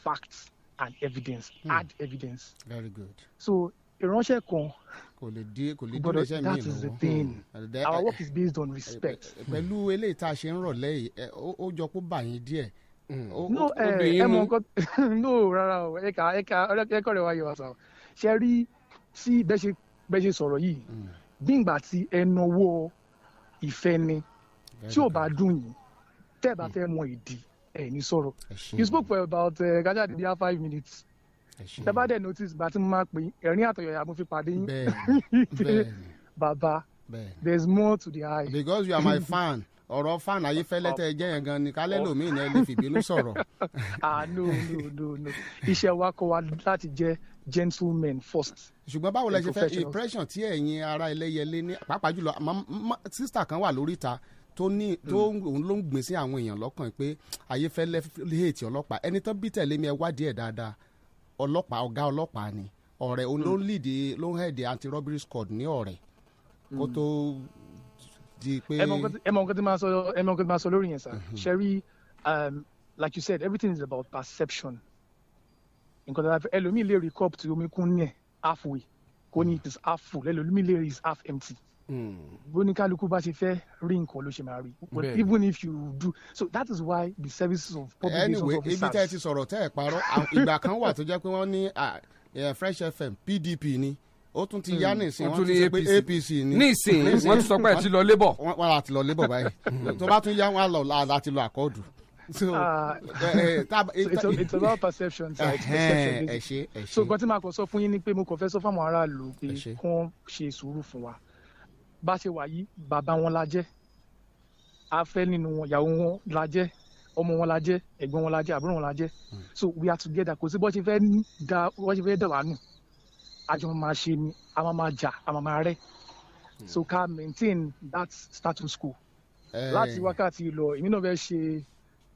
facts and evidence hmm. hard evidence. very good. so ìránṣẹ́ kan. kò lè di kò lè dúró iṣẹ́ mi lọ that is the thing hmm. our eh, work is based on eh, respect. Eh, pẹ̀lú eléyìí tá a ṣe ń rọ̀lẹ́ yìí ó jọ kó bà yín díẹ̀. no ẹ ẹ mọ nǹkan no rárá o ẹ ká ẹ ká ẹ kọ́ rẹ̀ wá yẹ wá sá o ṣe rí tí bẹ́ẹ̀ ṣe sọ̀rọ̀ yìí gbígbà mm. tí ẹnu ìfẹ́ ni tí ò bá dùn yìí tẹ́ ẹ̀ bá fẹ́ mọ ìdí ẹ̀ ní sọ̀rọ̀ you spoke for about eh, gaja uh, didiya five minutes tẹ́ bá dẹ̀ notice bá ti máa pè ẹ̀rín àtọ̀yọ̀yà mo fi pàdé yín bàbá there is more to the eye. because you are my fan. ọ̀rọ̀ fan ayífẹ́lẹ́ tẹ́ jẹ́ yẹn gan ni kálẹ́ sọ̀rọ̀. Ah, no no no iṣẹ́ wa kọ́ wa láti jẹ́ gentleman first. ṣùgbọ́n báwo lẹ ṣe fẹ́ impression tí ẹ̀yin ara ẹlẹ́yẹlé ní pàápàá jùlọ sísítà kan wà lórí ìta tó ní tó hmm. òun ló ń gbìn sí àwọn èèyàn lọ́kàn pé ọlọ́pàá ni ọ̀rẹ́ ló ń hmm. ló ń anti robbery squad ní ọ̀rẹ́ hmm. di pé. ẹ mọ nǹkan tí máa sọ ẹ mọ nǹkan tí máa sọ lórí yẹn sá mm-hmm. ṣẹ́rí um, like you said everything is about perception nǹkan tí a fẹ́ ẹlòmíì lè rí cup tí omi kún ní ẹ̀ halfway kò ní mm. it is half full ẹlòmíì lè rí is half empty mm. bóníkálukú bá ṣe fẹ́ rí nǹkan ló ṣe máa rí even if you do so that is why the services of public anyway, relations officers. anyway ibi tẹ́ ẹ ti sọ̀rọ̀ tẹ́ ẹ parọ́ ìgbà kan wà tó jẹ́ pé wọ́n ní eh, fresh fm pdp ni ó tún ti hmm. yá nísìnyí wọ́n tún sọ pé APC ni nísìnyí wọ́n tún sọ pé ẹ lọ labour. wọ́n á ti lọ labour báyìí tó bá tún yá wọ́n lọ láti lọ àkọọdù. so ah. it's, a, it's about perception so it's perception basically so nǹkan tí màá kọ sọ fún yín ni pé mo kàn fẹ́ sọ fún aráàlú pé kán ṣe sùúrù fún wa bá ṣe wà yìí bàbá wọn la jẹ́ afẹ́ nínú wọn ìyàwó wọn la jẹ́ ọmọ wọn la jẹ́ ẹ̀gbọ́n wọn la jẹ́ àbúrò wọn la jẹ́ hmm. so we are together kò sí bó ṣe fẹ́ dà wá nù àjọ máa ṣe ni a máa máa jà a máa máa rẹ́ hmm. so ká maintain that status quo eh. láti wákàtí lọ èmi náà fẹ́ ṣe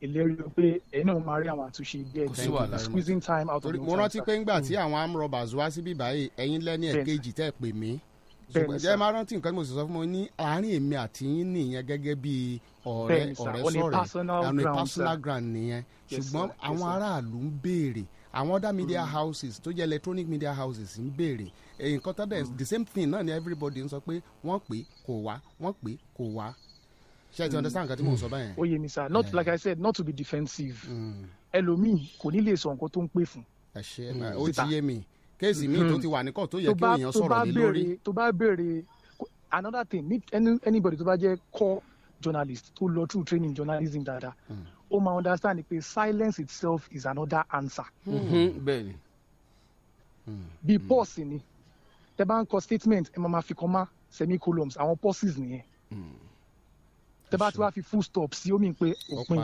ìlérí pé ẹ̀yin náà máa rí àwọn àtúnṣe díẹ̀ díẹ̀ squeezing time out of the time. mo rántí pé ńgbà tí hmm. àwọn arm robbers wá síbí báyìí ẹ̀yin lẹ́ni ẹ̀kejì tẹ́ pè mí jẹ́ máa rántí nǹkan tí mo sì sọ fún mi ní àárín èmi àti yín nìyẹn gẹ́gẹ́ bí ọ̀rẹ́ ọ̀rẹ́ sọ̀rẹ́ àwọn personal ground nìyẹn ṣùgbọ́n àwọn aráàlú ń béèrè àwọn other media mm. houses tó jẹ́ electronic media houses ń béèrè eh, nǹkan tó dẹ̀ mm. the same thing náà ni everybody ń sọ pé wọ́n pè kò wá wọ́n pè kò wá ṣe ti mm. understand nǹkan tí mò ń sọ báyẹn. ó mi sir not eh. like i said not to be defensive ẹlòmíì kò ní lè sọ nǹkan tó ń pè fún. ẹ ṣe ó ti yé mi kéèsì míì tó ti wà ní kọ́ tó yẹ kí èèyàn sọ̀rọ̀ lé lórí. tó bá béèrè another thing anybody tó bá jẹ́ core journalist tó lọ through training journalism dáadáa ó máa understand pé silence itself is another answer. Mhm, bẹ́ẹ̀ni. Hmm. bí hmm. pause ni tẹ bá ń kọ statement ẹ máa fi comma semicolons àwọn pauses nìyẹn hmm. tẹ bá ti wá fi full stop sí omi pé òpin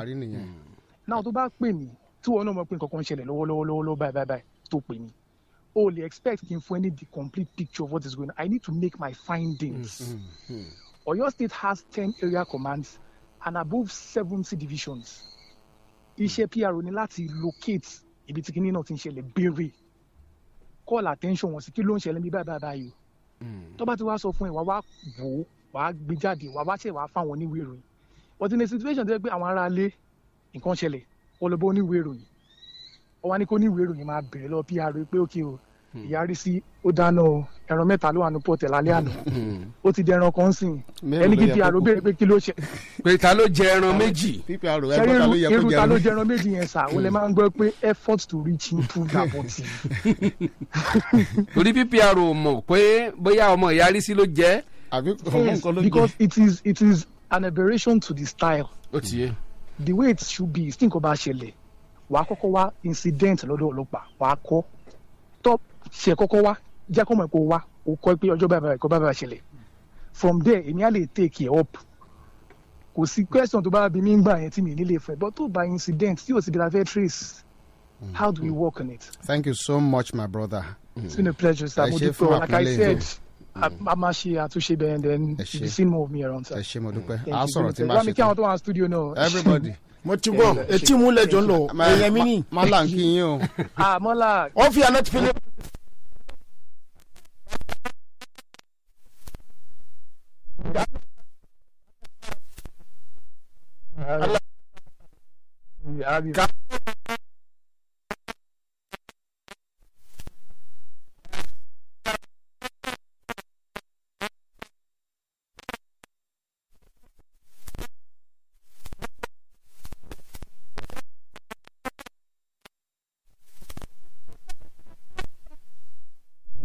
náà tó bá pè mí tí wọn náà mọ̀ pé nǹkan kan ṣẹlẹ̀ lọ́wọ́lọ́wọ́ báyìí báyìí tó pè mí o lè expect kí n fún ẹ ní the complete picture of what is going on I need to make my findings. Oyo State has ten area commands and above seventy divisions iṣẹ́ PR ni láti locate ibi tí kinní náà ti ń ṣẹlẹ̀ béèrè call attention wọn sí kí ló ń ṣẹlẹ̀ bí báyìí báyìí báyìí o hmm. tó bá ti wá sọ fún ẹ wá wá wò ó wá gbé jáde wá wá ṣe wá fáwọn oníwèé ìròyìn but in a situation tó yẹ pé àwọn ará ilé nǹkan ṣẹlẹ̀ wọ́n lọ bá oníwèé ìròyìn wọ́n wá ní kó oníwèé ìròyìn máa bẹ̀rẹ̀ lọ PR pé ókè o Hmm. ìyá rí sí ó dáná o ẹran mẹ́ta ló wà ní pọ̀tẹ̀ lálẹ́ àná hmm. Hmm. ó ti di ẹran kan sìn ẹni kí pr béèrè pé kí ló ṣe. pé ta ló jẹ ẹran méjì. ṣẹ́rí irú ta ló jẹ ẹran méjì yẹn sà ó lè máa ń gbọ́ pé effort to reach improve that body. torí ppr ò mọ̀ pé bóyá ọmọ ìyá rí sí ló jẹ́. yes because it is it is an aberration to the style. ó ti yé. the way it should be tí nǹkan bá ṣẹlẹ̀ wàá kọ́kọ́ wá incident lọ́dọ̀ ọlọ́pàá wàá kọ́ tó ṣe kọ́kọ́ wá jẹ́ kó mọ̀ pé wá o kọ́ pé ọjọ́ bàbá ẹ̀kọ́ bàbá ṣẹlẹ̀ from there èmi á lè take it e up kò sí question tó bá bí mi ń gbà yẹn tí mi nílé fẹ́ but tó bá incident tí ò sì bí la trace mm. how do we work on it. thank you so much my brother. it's been a pleasure sir mo dúpẹ́ like i said a máa ṣe àtúnṣe bẹ́ẹ̀ then be seen more of me around sir. ẹ ṣe mo dúpẹ́ a sọ̀rọ̀ tí n bá ṣe tó. lámì kí àwọn tó wà ní studio náà. everybody mo ti gbọ́ etí mú lẹjọ lọ èèyàn ni. mọ́là ń o. ah mọ́là. wọ́n fi aná ti fi lé.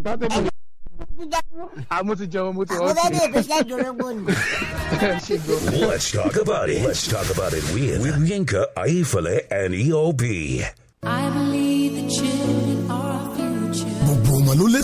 Date I went to Joe Let's talk about it. Let's talk about it with, with Yinka, Aifale, and EOB.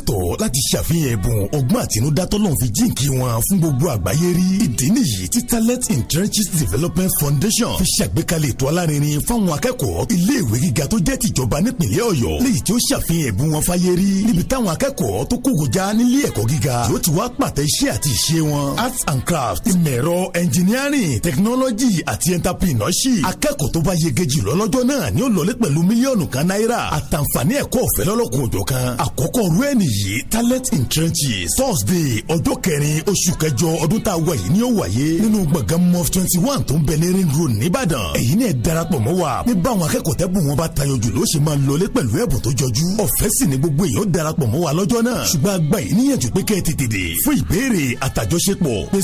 lẹ́tọ̀ọ́ láti ṣàfihàn ẹ̀bùn ọgbọ́n àtinúdá tọ́lọ́run fi jíǹkí wọn fún gbogbo àgbáyé rí. ìdí nìyí tí talent in trenches development foundation fi ṣàgbékalẹ̀ ètò alárinrin fáwọn akẹ́kọ̀ọ́ iléèwé gíga tó jẹ́ tìjọba nípìnlẹ̀ ọ̀yọ́ léyìí tí ó ṣàfihàn ẹ̀bùn wọn fáyé rí níbi táwọn akẹ́kọ̀ọ́ tó kógo já nílé ẹ̀kọ́ gíga yóò ti wá pàtẹ iṣẹ́ àti ìṣe wọn arts and crafts ìmọ̀ engineering technology àti entrepreneurship akẹ́kọ̀ọ́ tó bá yege jù lọ́lọ́jọ́ náà ni ó lọlé pẹ̀lú mílíọ̀nù kan náírà àtàǹfààní ẹ̀kọ́ ọ̀fẹ́ lọ́lọ́kùnrin òjọ̀kan àkọ́kọ́ rú ẹ̀ nìyí yìí talent in trenches thursday ọjọ́ kẹrin oṣù kẹjọ ọdún tá a wà yìí ni ó wáyé nínú gbọ̀ngàn mọ́f twenty one tó ń bẹ ní ring road nìbàdàn èyí ni ẹ darapọ̀ mọ́ wa ní báwọn akẹ́kọ̀ọ́ tẹ́bùn wọn bá tayọ jù ló ṣe máa lọlé pẹ̀lú ẹ̀bùn tó jọjú ọ̀fẹ́ sì ni gbogbo èèyàn darapọ̀ mọ́ wa lọ́jọ́ náà ṣùgbọ́n a yìí níyànjú pé kẹ́ ẹ tètè dé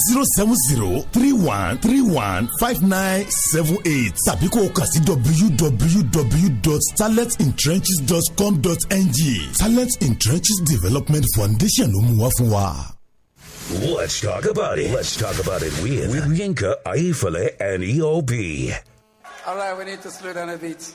zero seven zero three one three one five nine seven eight tàbí kó o kà sí www.talentintrenches.com.ng talent in trenches Development Foundation ló mú let us talk about it. Let's talk about it with, with Yinka, Aifale, and EOB. All right, we need to slow down a bit.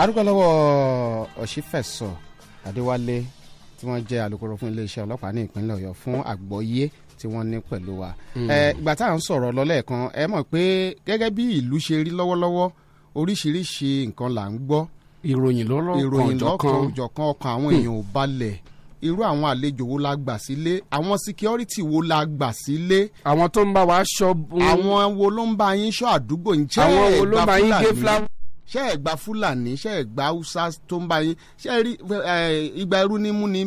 arúgbó lọ́wọ́ ọ̀ṣífẹ̀sọ adéwálé tí wọ́n jẹ́ alukoro fún iléeṣẹ́ ọlọ́pàá ní ìpínlẹ̀ ọ̀yọ́ fún àgbọ́yé tí wọ́n ní pẹ̀lú wa. Hmm. ìgbà tá à ń sọ̀rọ̀ lọ́lẹ́ẹ̀kan ẹ mọ̀ pé gẹ́gẹ́ bí ìlú ṣe rí lọ́wọ́lọ́wọ́ oríṣiríṣi nǹkan là ń gbọ́. ìròyìn lọ́kàn òjọ̀kan ọkàn àwọn èèyàn ò balẹ̀ irú àwọn àlejò wo la gbà sílé àwọn security wo la gbà sílé. àwọn tó ń bá wa ṣọ́. àwọn wo ló ń bá yín ṣọ́ àdúgbò ń jẹ́ ẹ̀gbá fúlàní. àwọn wo ló ń bá yín gé fúláwọ́ ṣé ẹ gba fúlàní ṣé ẹ gba haúsá tó ń bá yín ṣé ẹ rí igba ẹrú ní mú ní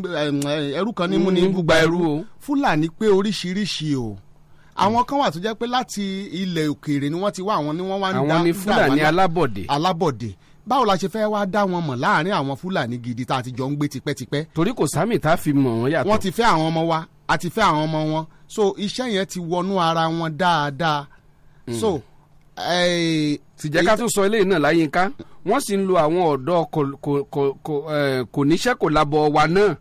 ẹrú kan ní mú ní gbúgba mm, ẹrú fúlàní pé oríṣiríṣi o àwọn kan wà tó jẹ́ pé láti ilẹ̀ òkèèrè ni wọ́n ti wá àwọn ni wọ́n wá ń dá àwọn ni fúlàní alábọ̀dé alábọ̀dé báwo la ṣe fẹ́ wá dá wọn mọ̀ láàrin àwọn fúlàní gidi tá a ti jọ ń gbé tipẹ́tipẹ́. torí kò sámì tá a fi mọ̀ wọ́n yàtọ̀. wọ́n ti fẹ́ àwọn ọmọ wa àti fẹ́ àwọn ọmọ wọn so iṣẹ́ yẹn ti wọnú ara wọn dáadáa mm. so tìjẹ́ ká tún sọ eléyìí náà láyé ká wọ́n sì ń lo àwọn ọ̀dọ́ kò níṣẹ́ kò labọ̀ wa náà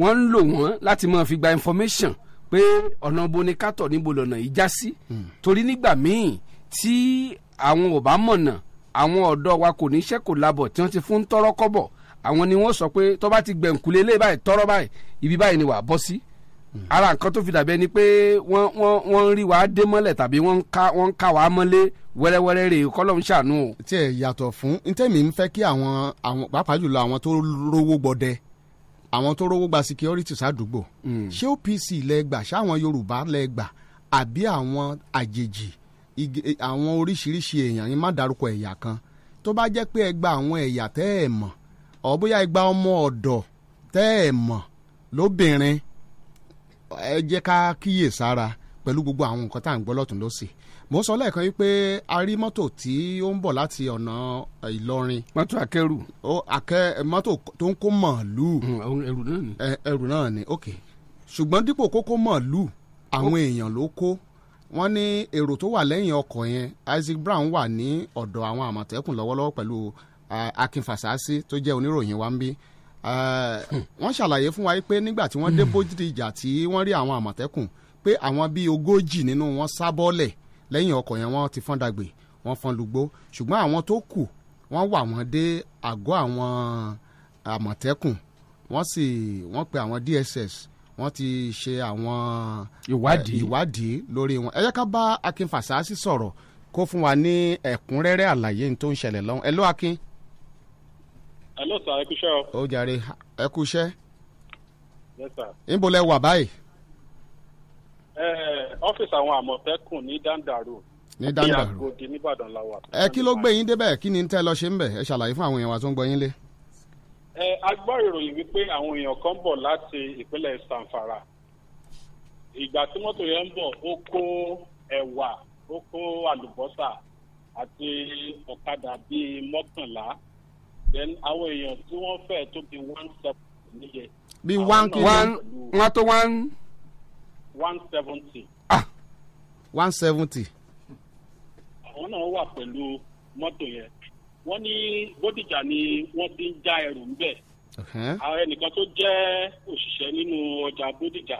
wọ́n ń lò wọ́n láti máa fi gba information pé ọ̀nà bo ni kátọ̀ níbo lọ́nà yìí já sí hmm. torí nígbà míì tí àwọn ò bá mọ̀nà àwọn ọ̀dọ́ wa kò níṣẹ́ kò labọ̀ tí wọ́n ti fún tọ́rọ́ kọ́bọ̀ àwọn ni wọ́n sọ pé tó bá ti gbẹ̀ǹkulé lé báyìí tọ́rọ́ báyìí ibi báyìí ni wà á bọ́ sí ara nǹkan tó fi dàbẹ́ ni pé wọ́n wọ́n wọ́n ń rí wa dé mọ́lẹ̀ tàbí wọ́n ká wọ́n ká wa mọ́lé wẹ́rẹ́wẹ́rẹ́ rèé kọ́lọ́hún ṣàánú o. tí yàtọ̀ fún ntẹ́mi ń fẹ́ kí àwọn àwọn pàápàá jùlọ àwọn tó rówó gbọdẹ àwọn tó rówó gba security sádùúgbò hmm. ṣé OPC lẹ gbà ṣáwọn Yorùbá lẹ gbà àbí àwọn àjèjì e, àwọn oríṣiríṣi èèyàn yín má dárúkọ ẹ̀yà kan tó bá jẹ́ pé ẹ gba àwọn ẹ̀yà tẹ́ ẹ mọ̀ ọ̀ bóyá ẹ gba ọmọ ọ̀dọ̀ tẹ́ ẹ mọ̀ lóbìnrin ẹ jẹ́ ká kíyè sára pẹ̀lú gbogbo àwọn nǹkan tá à ń gbọ́ lọ́tún lọ́sì mo sọ lẹ́ẹ̀kan wípé a rí mọ́tò tí ó ń bọ̀ láti ọ̀nà eh, Ìlọrin. mọ́tò akẹ́rù. ó akẹ́ eh, mọ́tò tó ń kó màálùú. Hmm, ẹrù náà ni. ẹrù náà ni ok ṣùgbọ́n dípò kókó màálùú àwọn èèyàn ló kó wọ́n ní èrò tó wà lẹ́yìn ọkọ̀ yẹn Isaac Brown wà ní ọ̀dọ̀ àwọn àmọ̀tẹ́kùn lọ́wọ́lọ́wọ́ pẹ̀lú ah, Akin Fasasi tó jẹ́ oníròyìn wa ń bí wọ́n ṣàlàyé fún wa pé nígbà tí wọ́n dé hmm. bójìdìjà tí wọ́n rí àwọn àmọ̀tẹ́kùn pé àwọn bíi ogójì nínú wọn sá bọ́ọ̀lẹ̀ lẹ́yìn ọkọ̀ yẹn wọ́n ti fọ́n dàgbé wọ́n fọ́n lùgbó ṣùgbọ́n àwọn tó kù wọ́n wà wọ́n dé àgọ́ àwọn àmọ̀tẹ́kùn wọ́n sì wọ́n pe àwọn DSS wọ́n ti ṣe àwọn ìwádìí lórí wọn ẹ jẹ́ ká bá Akin Fasasi sọ̀rọ̀ kó fún wa ní ẹ̀kúnrẹ́rẹ́ àlàyé tó ń ṣẹlẹ̀ lọ́hùn ẹ ló Akin hello sir ẹ kúṣẹ́ o. ó jàre ẹ kúṣẹ́. yes sir. níbo lẹ wà báyìí. ẹ ẹ ọ́fíìsì àwọn àmọ̀tẹ́kùn ní dandaro. ní dandaro ní Agodi nìbàdàn la wà. ẹ kí ló gbé yín débẹ̀ kí ni tẹ́ lọ ṣe ń bẹ̀ ẹ ṣàlàyé fún àwọn èèyàn wa tó ń gbọ́ yín lé. ẹ a gbọ́ ìròyìn wípé àwọn èèyàn kan bọ̀ láti ìpínlẹ̀ sanfara ìgbà tí mọ́tò yẹn ń bọ̀ ó kó ẹ̀wà ó kó àlùbọ́sà àti ọ̀kadà bíi mọ́kànlá then àwọn èèyàn tí wọ́n fẹ́ tó bí one seventy níyẹn. bí one one wọ́n tó one. one seventy. ah one seventy. àwọn náà wà pẹ̀lú mọ́tò yẹn wọ́n ní Bódìjà ni wọ́n ti ń já ẹrù ńbẹ̀. àwọn ẹnìkan tó jẹ́ òṣìṣẹ́ nínú ọjà Bódìjà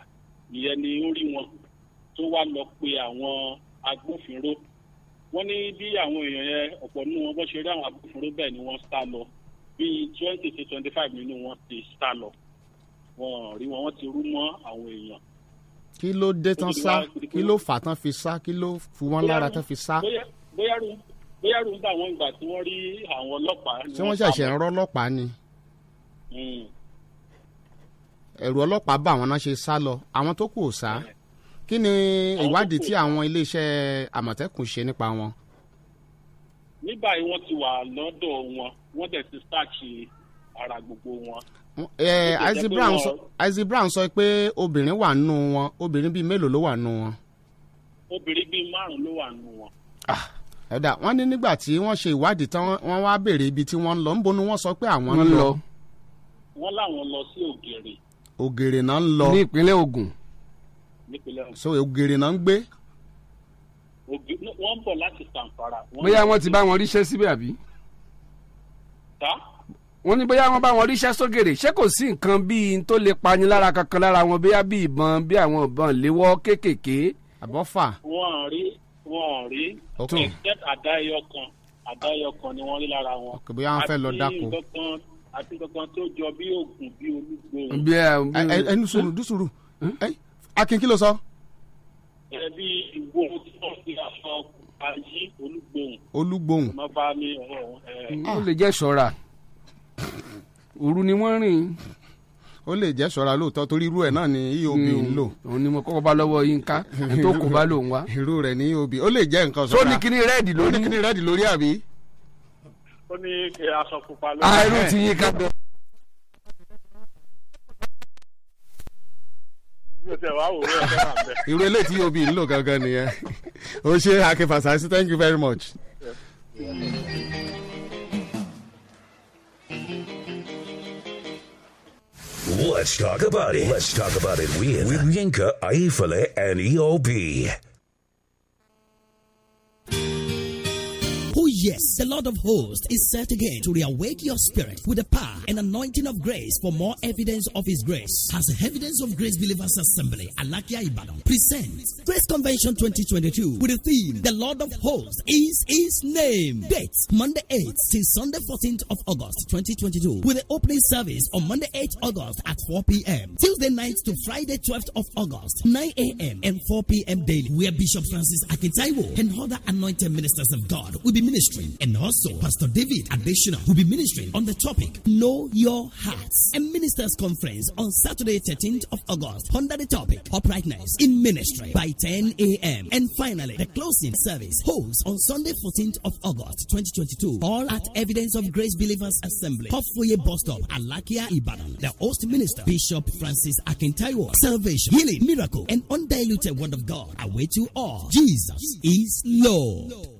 ìyẹn ni ó rí wọn tó wá lọ pe àwọn agbófinró wọ́n ní bí àwọn èèyàn yẹn ọ̀pọ̀ nínú wọn bó ṣe rí àwọn agbófinró bẹ́ẹ̀ ni wọ́n sá lọ bíi twenty to twenty five nínú wọn ti sá lọ wọn rí wọn wọn ti rú mọ́ àwọn èèyàn. kí ló dé tán sá kí ló fà tán fi sá kí ló fu wọn lára tán fi sá. bóyá bóyá rú bá wọn ìgbà tí wọ́n rí àwọn ọlọ́pàá. tí wọ́n ṣẹ̀ṣẹ̀ ń rọ́ ọlọ́pàá ni. Hmm. ẹ̀rù ọlọ́pàá bá àwọn náà ṣe sá lọ àwọn tó kù ò sá eh. kí ni ìwádìí tí àwọn iléeṣẹ́ àmọ̀tẹ́kùn ṣe nípa wọn ní báyìí wọ́n ti wà lọ́dọ̀ wọn wọ́n dẹ̀ ti sáàkì ara gbogbo wọn. Isaac Brown sọ pé obìnrin wà nù wọn obìnrin bíi mélòó ló wà nù wọn. obìnrin bíi márùn-ún ló wà nù wọn. Ah, ẹ̀dà wọ́n ní nígbà tí wọ́n ṣe ìwádìí tán wọ́n wá béèrè ibi tí wọ́n ń lọ ńbo ni wọ́n sọ pé àwọn ń lọ. wọ́n láwọn lọ sí ògèrè. ògèrè náà ń lọ. ní ìpínlẹ̀ Ògùn. nípínlẹ̀ Ògùn. so ògèrè náà ń gbé wọ́n ń bọ̀ láti sàǹfàrà. bóyá wọ́n ti bá wọn ríṣẹ́ síbẹ̀ àbí. ta. wọ́n ní bóyá wọ́n bá wọn ríṣẹ́ sógèrè ṣé kò sí nǹkan bíi tó lè pani lára kankan lára wọn bóyá bíi ìbọn bí àwọn ìbọn léwọ́ kéékèèké. àbọ̀fà. wọ́n rí wọ́n rí except àdáyọ kan àdáyọ kan ni wọ́n rí lára wọn. ok bóyá wọ́n fẹ́ lọ dáko. àti kankan tó jọ bí oògùn bí olúgbò. ẹnu sùúrù dùsùrù hm? akin kí ló sọ. ẹbí ìwọ Ṣàyí Olúgbòhùn. Olúgbòhùn. ọmọ bá mi ọ̀hún. ó lè jẹ́ ṣọ́ra òru ni wọ́n rìn ó lè jẹ́ ṣọ́ra lóòótọ́ torí irú ẹ̀ náà ni eob ń lò. Hmm. òun ni mo kọ́kọ́ bá lọ́wọ́ yínká tó kò bá lòun wá. irú rẹ̀ ní eob ó lè jẹ́ nǹkan ṣọ́ra. ó ní kíní rẹ́ẹ̀dì lórí. ó ní kíní rẹ́ẹ̀dì lórí àbí. ó ní aṣọ pupa lórí. àìrùn ah, ti yín ká bẹ́ẹ̀. irú eléyìí tí yóò bí ń lò gangan nìyẹn thank you very much. Let's talk about it. Let's talk about it with, with Yinka, Aifale, and EOB. Yes, the Lord of hosts is set again to reawake your spirit with the power and anointing of grace for more evidence of his grace. As Evidence of Grace Believers Assembly, Alakia Ibadan, presents Grace Convention 2022 with the theme The Lord of Hosts is His Name. Dates Monday 8th till Sunday 14th of August 2022 with the opening service on Monday 8th August at 4 p.m. Tuesday night to Friday 12th of August 9 a.m. and 4 p.m. daily where Bishop Francis Akitaiwo and other anointed ministers of God will be ministering and also Pastor David Adeshina will be ministering on the topic Know Your Hearts, a ministers' conference on Saturday, 13th of August, under the topic Uprightness in Ministry by 10 a.m. And finally, the closing service holds on Sunday, 14th of August, 2022, all at Evidence of Grace Believers Assembly, Hoffoye Bus Stop, Alakia, Ibadan. The host minister, Bishop Francis Akintayo, salvation, healing, miracle, and undiluted word of God await you all. Jesus is Lord.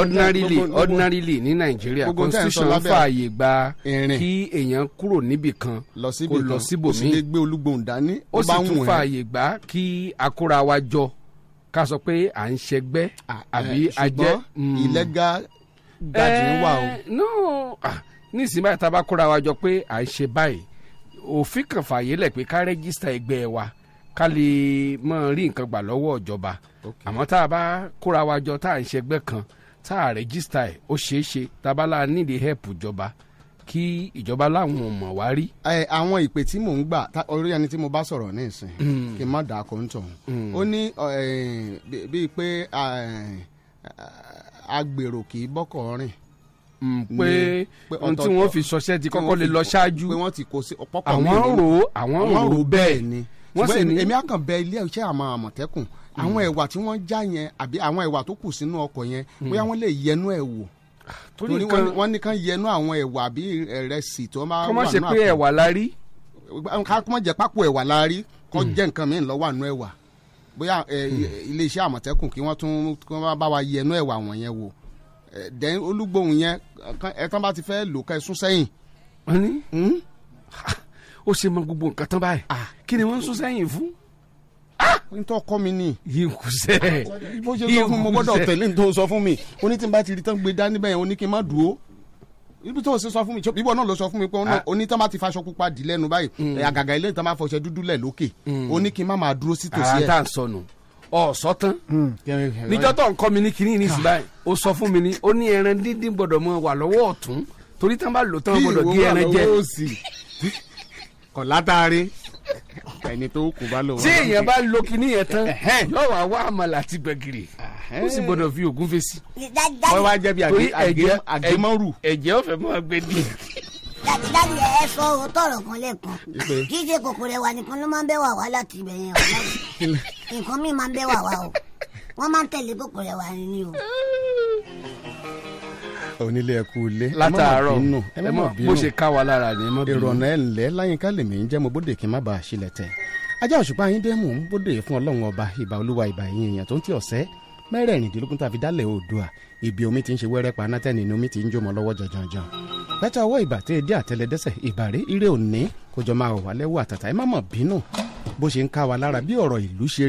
ordinarily ordinarily ní nàìjíríà constitution fààyè gba kí èèyàn kúrò níbì kan kó lọ síbòmíì ó sì tún fààyè gba kí akóra wa jọ ká sọ pé à ń ṣẹgbẹ́ àbí a jẹ́. ṣùgbọ́n illegal mm. gathering wà o. Eh, no ah, nísìnyí báyìí tá a bá kóra wa jọ pé à ń ṣe báyìí òfin kan fààyè lẹ̀ pé ká rẹ́gísítà ẹgbẹ́ wa ká lè mọ rí nǹkan gbà lọ́wọ́ ìjọba àmọ́ tá a bá kóra wa jọ tá à ń ṣẹgbẹ́ kan tá a rẹ́gísítà ẹ̀ ó ṣeé ṣe tábàlà nídìí help ìjọba kí ìjọba láwọn ò mọ̀ wá rí. ẹ àwọn ìpè tí mò ń gbà orí ẹni tí mo bá sọ̀rọ̀ ní ìsìn hmm. kí n má dà á kó ń tọ̀ hmm. ó ní bíi pé agbèrò kì í bọ́kọ̀ rìn hmm, pé ohun tí wọ́n fi sọsẹ ti kọ́kọ́ lè lọ ṣáájú pé wọ́n ti kó sí ọpọpọ mi àwọn rò rò bẹ́ẹ̀ ni wọ́n sì ní èmi àkàn bẹ ilé iṣẹ́ àmọ́ Àmọ̀tẹ́kùn àwọn ẹ̀wà tí wọ́n já yẹn àbí àwọn ẹ̀wà tó kù sínú ọkọ̀ yẹn hmm. bóyá wọ́n lè yẹnu ẹ̀ wò torí wọ́n nìkan yẹnu àwọn ẹ̀wà àbí ẹ̀rẹsì tó máa wà nù àpò. kọ́mọ́ ṣe pé ẹ̀wà la rí. kọ́mọ́ jẹ́ pákó ẹ̀wà la rí kọ́ hmm. jẹ́ nǹkan mìíràn lọ́wọ́ àánú ẹ̀wà bóyá hmm. iléeṣẹ́ àmọ̀tẹ́kùn kí wọ́n tún bá wa yẹnu ẹ̀wà wọ̀nyẹn wò Then olúgbòhùn yẹn ẹ tán bá ti fẹ́ lò ká ẹ sún sẹ́yìn. ó ṣe mọ gbogbo nǹkan tán báyìí ah. kí ni wọ́n sún sẹ́yìn fún nítorí ọkọ mi ni. ìkùsẹ̀ ìkùsẹ̀ bó ṣe sọ fún mi mo gbọ́dọ̀ tẹ̀lé ní tó sọ fún mi ó ní tí n bá ti rí tán gbé dání bẹ́ẹ̀ ó ní kí n má dúró ibi tó ń sọ fún mi bíbọ̀ náà ló sọ fún mi pé onítàn ah. máa ti faṣọ pupa dì lẹ́nu báyìí mm. àgàgà ilé ìtàn máa fọṣẹ dúdú lẹ̀ lókè mm. ó kí n má máa dúró sí tòsí ẹ̀. ara tá à ń sọnù ọ̀sọ́ tán mm. níjọ́ tó ń kọ́ mi ní kinní ní ìsìn ah. báyìí sọ fún mi ní ó ní ẹran díndín gbọ́dọ̀ mọ wà lọ́wọ́ ọ̀tún torí tán bá lò tán gbọ́dọ̀ gé ẹran jẹ kọ̀ ẹni tó kù bá lò wá. tí èèyàn bá lo kinní yẹn tán yóò wá wá àmàlà àti gbẹ̀gìrì ó sì gbọ́dọ̀ fi ògún fèsì. wọ́n wá jẹ́ bí àgémọ́rù. ẹ̀jẹ̀ ọ̀fẹ́ máa gbé dì dájúdájú ẹ sọ òótọ́ ọ̀rọ̀ kan lẹ́ẹ̀kan kì í ṣe kòkòrò ẹ̀wà nìkan ló máa ń bẹ́ wà wá láti ibẹ̀ yẹn wà láti nǹkan máa ń bẹ́ wà wá o wọ́n máa ń tẹ̀lé kòkòrò ẹ̀wà ni o onílé ẹkú ilé látàárọ̀ ẹ mọ̀ bó ṣe ká wa lára ni. èrò ọ̀nà ẹ̀ ńlẹ́ láyínká lèmi ń jẹ́ mo bóde kí n má bàa ṣílẹ̀ tẹ̀. ajá òṣùpá yín dé mò ń bóde fún ọlọ́run ọba ìbà olúwa ìbà yín èèyàn tó ń ti ọ̀sẹ́ mẹ́rẹ̀ẹ̀rìndínlógún tàbí dálẹ̀ oòdùà ibi omi ti ń ṣe wẹ́rẹ́ pa anátẹ́ni ni omi ti ń jó mọ́ lọ́wọ́ jọjọjọ. pẹ́tà ọwọ́ ìbà tẹ́ ẹ dé àtẹlẹdẹ́sẹ̀ ìbàrẹ́ ire òní kójọ máa wà lẹ́wọ́ àtàtà ẹ má mọ̀ bínú bó ṣe ń ká wa lára bí ọ̀rọ̀ ìlú ṣe rí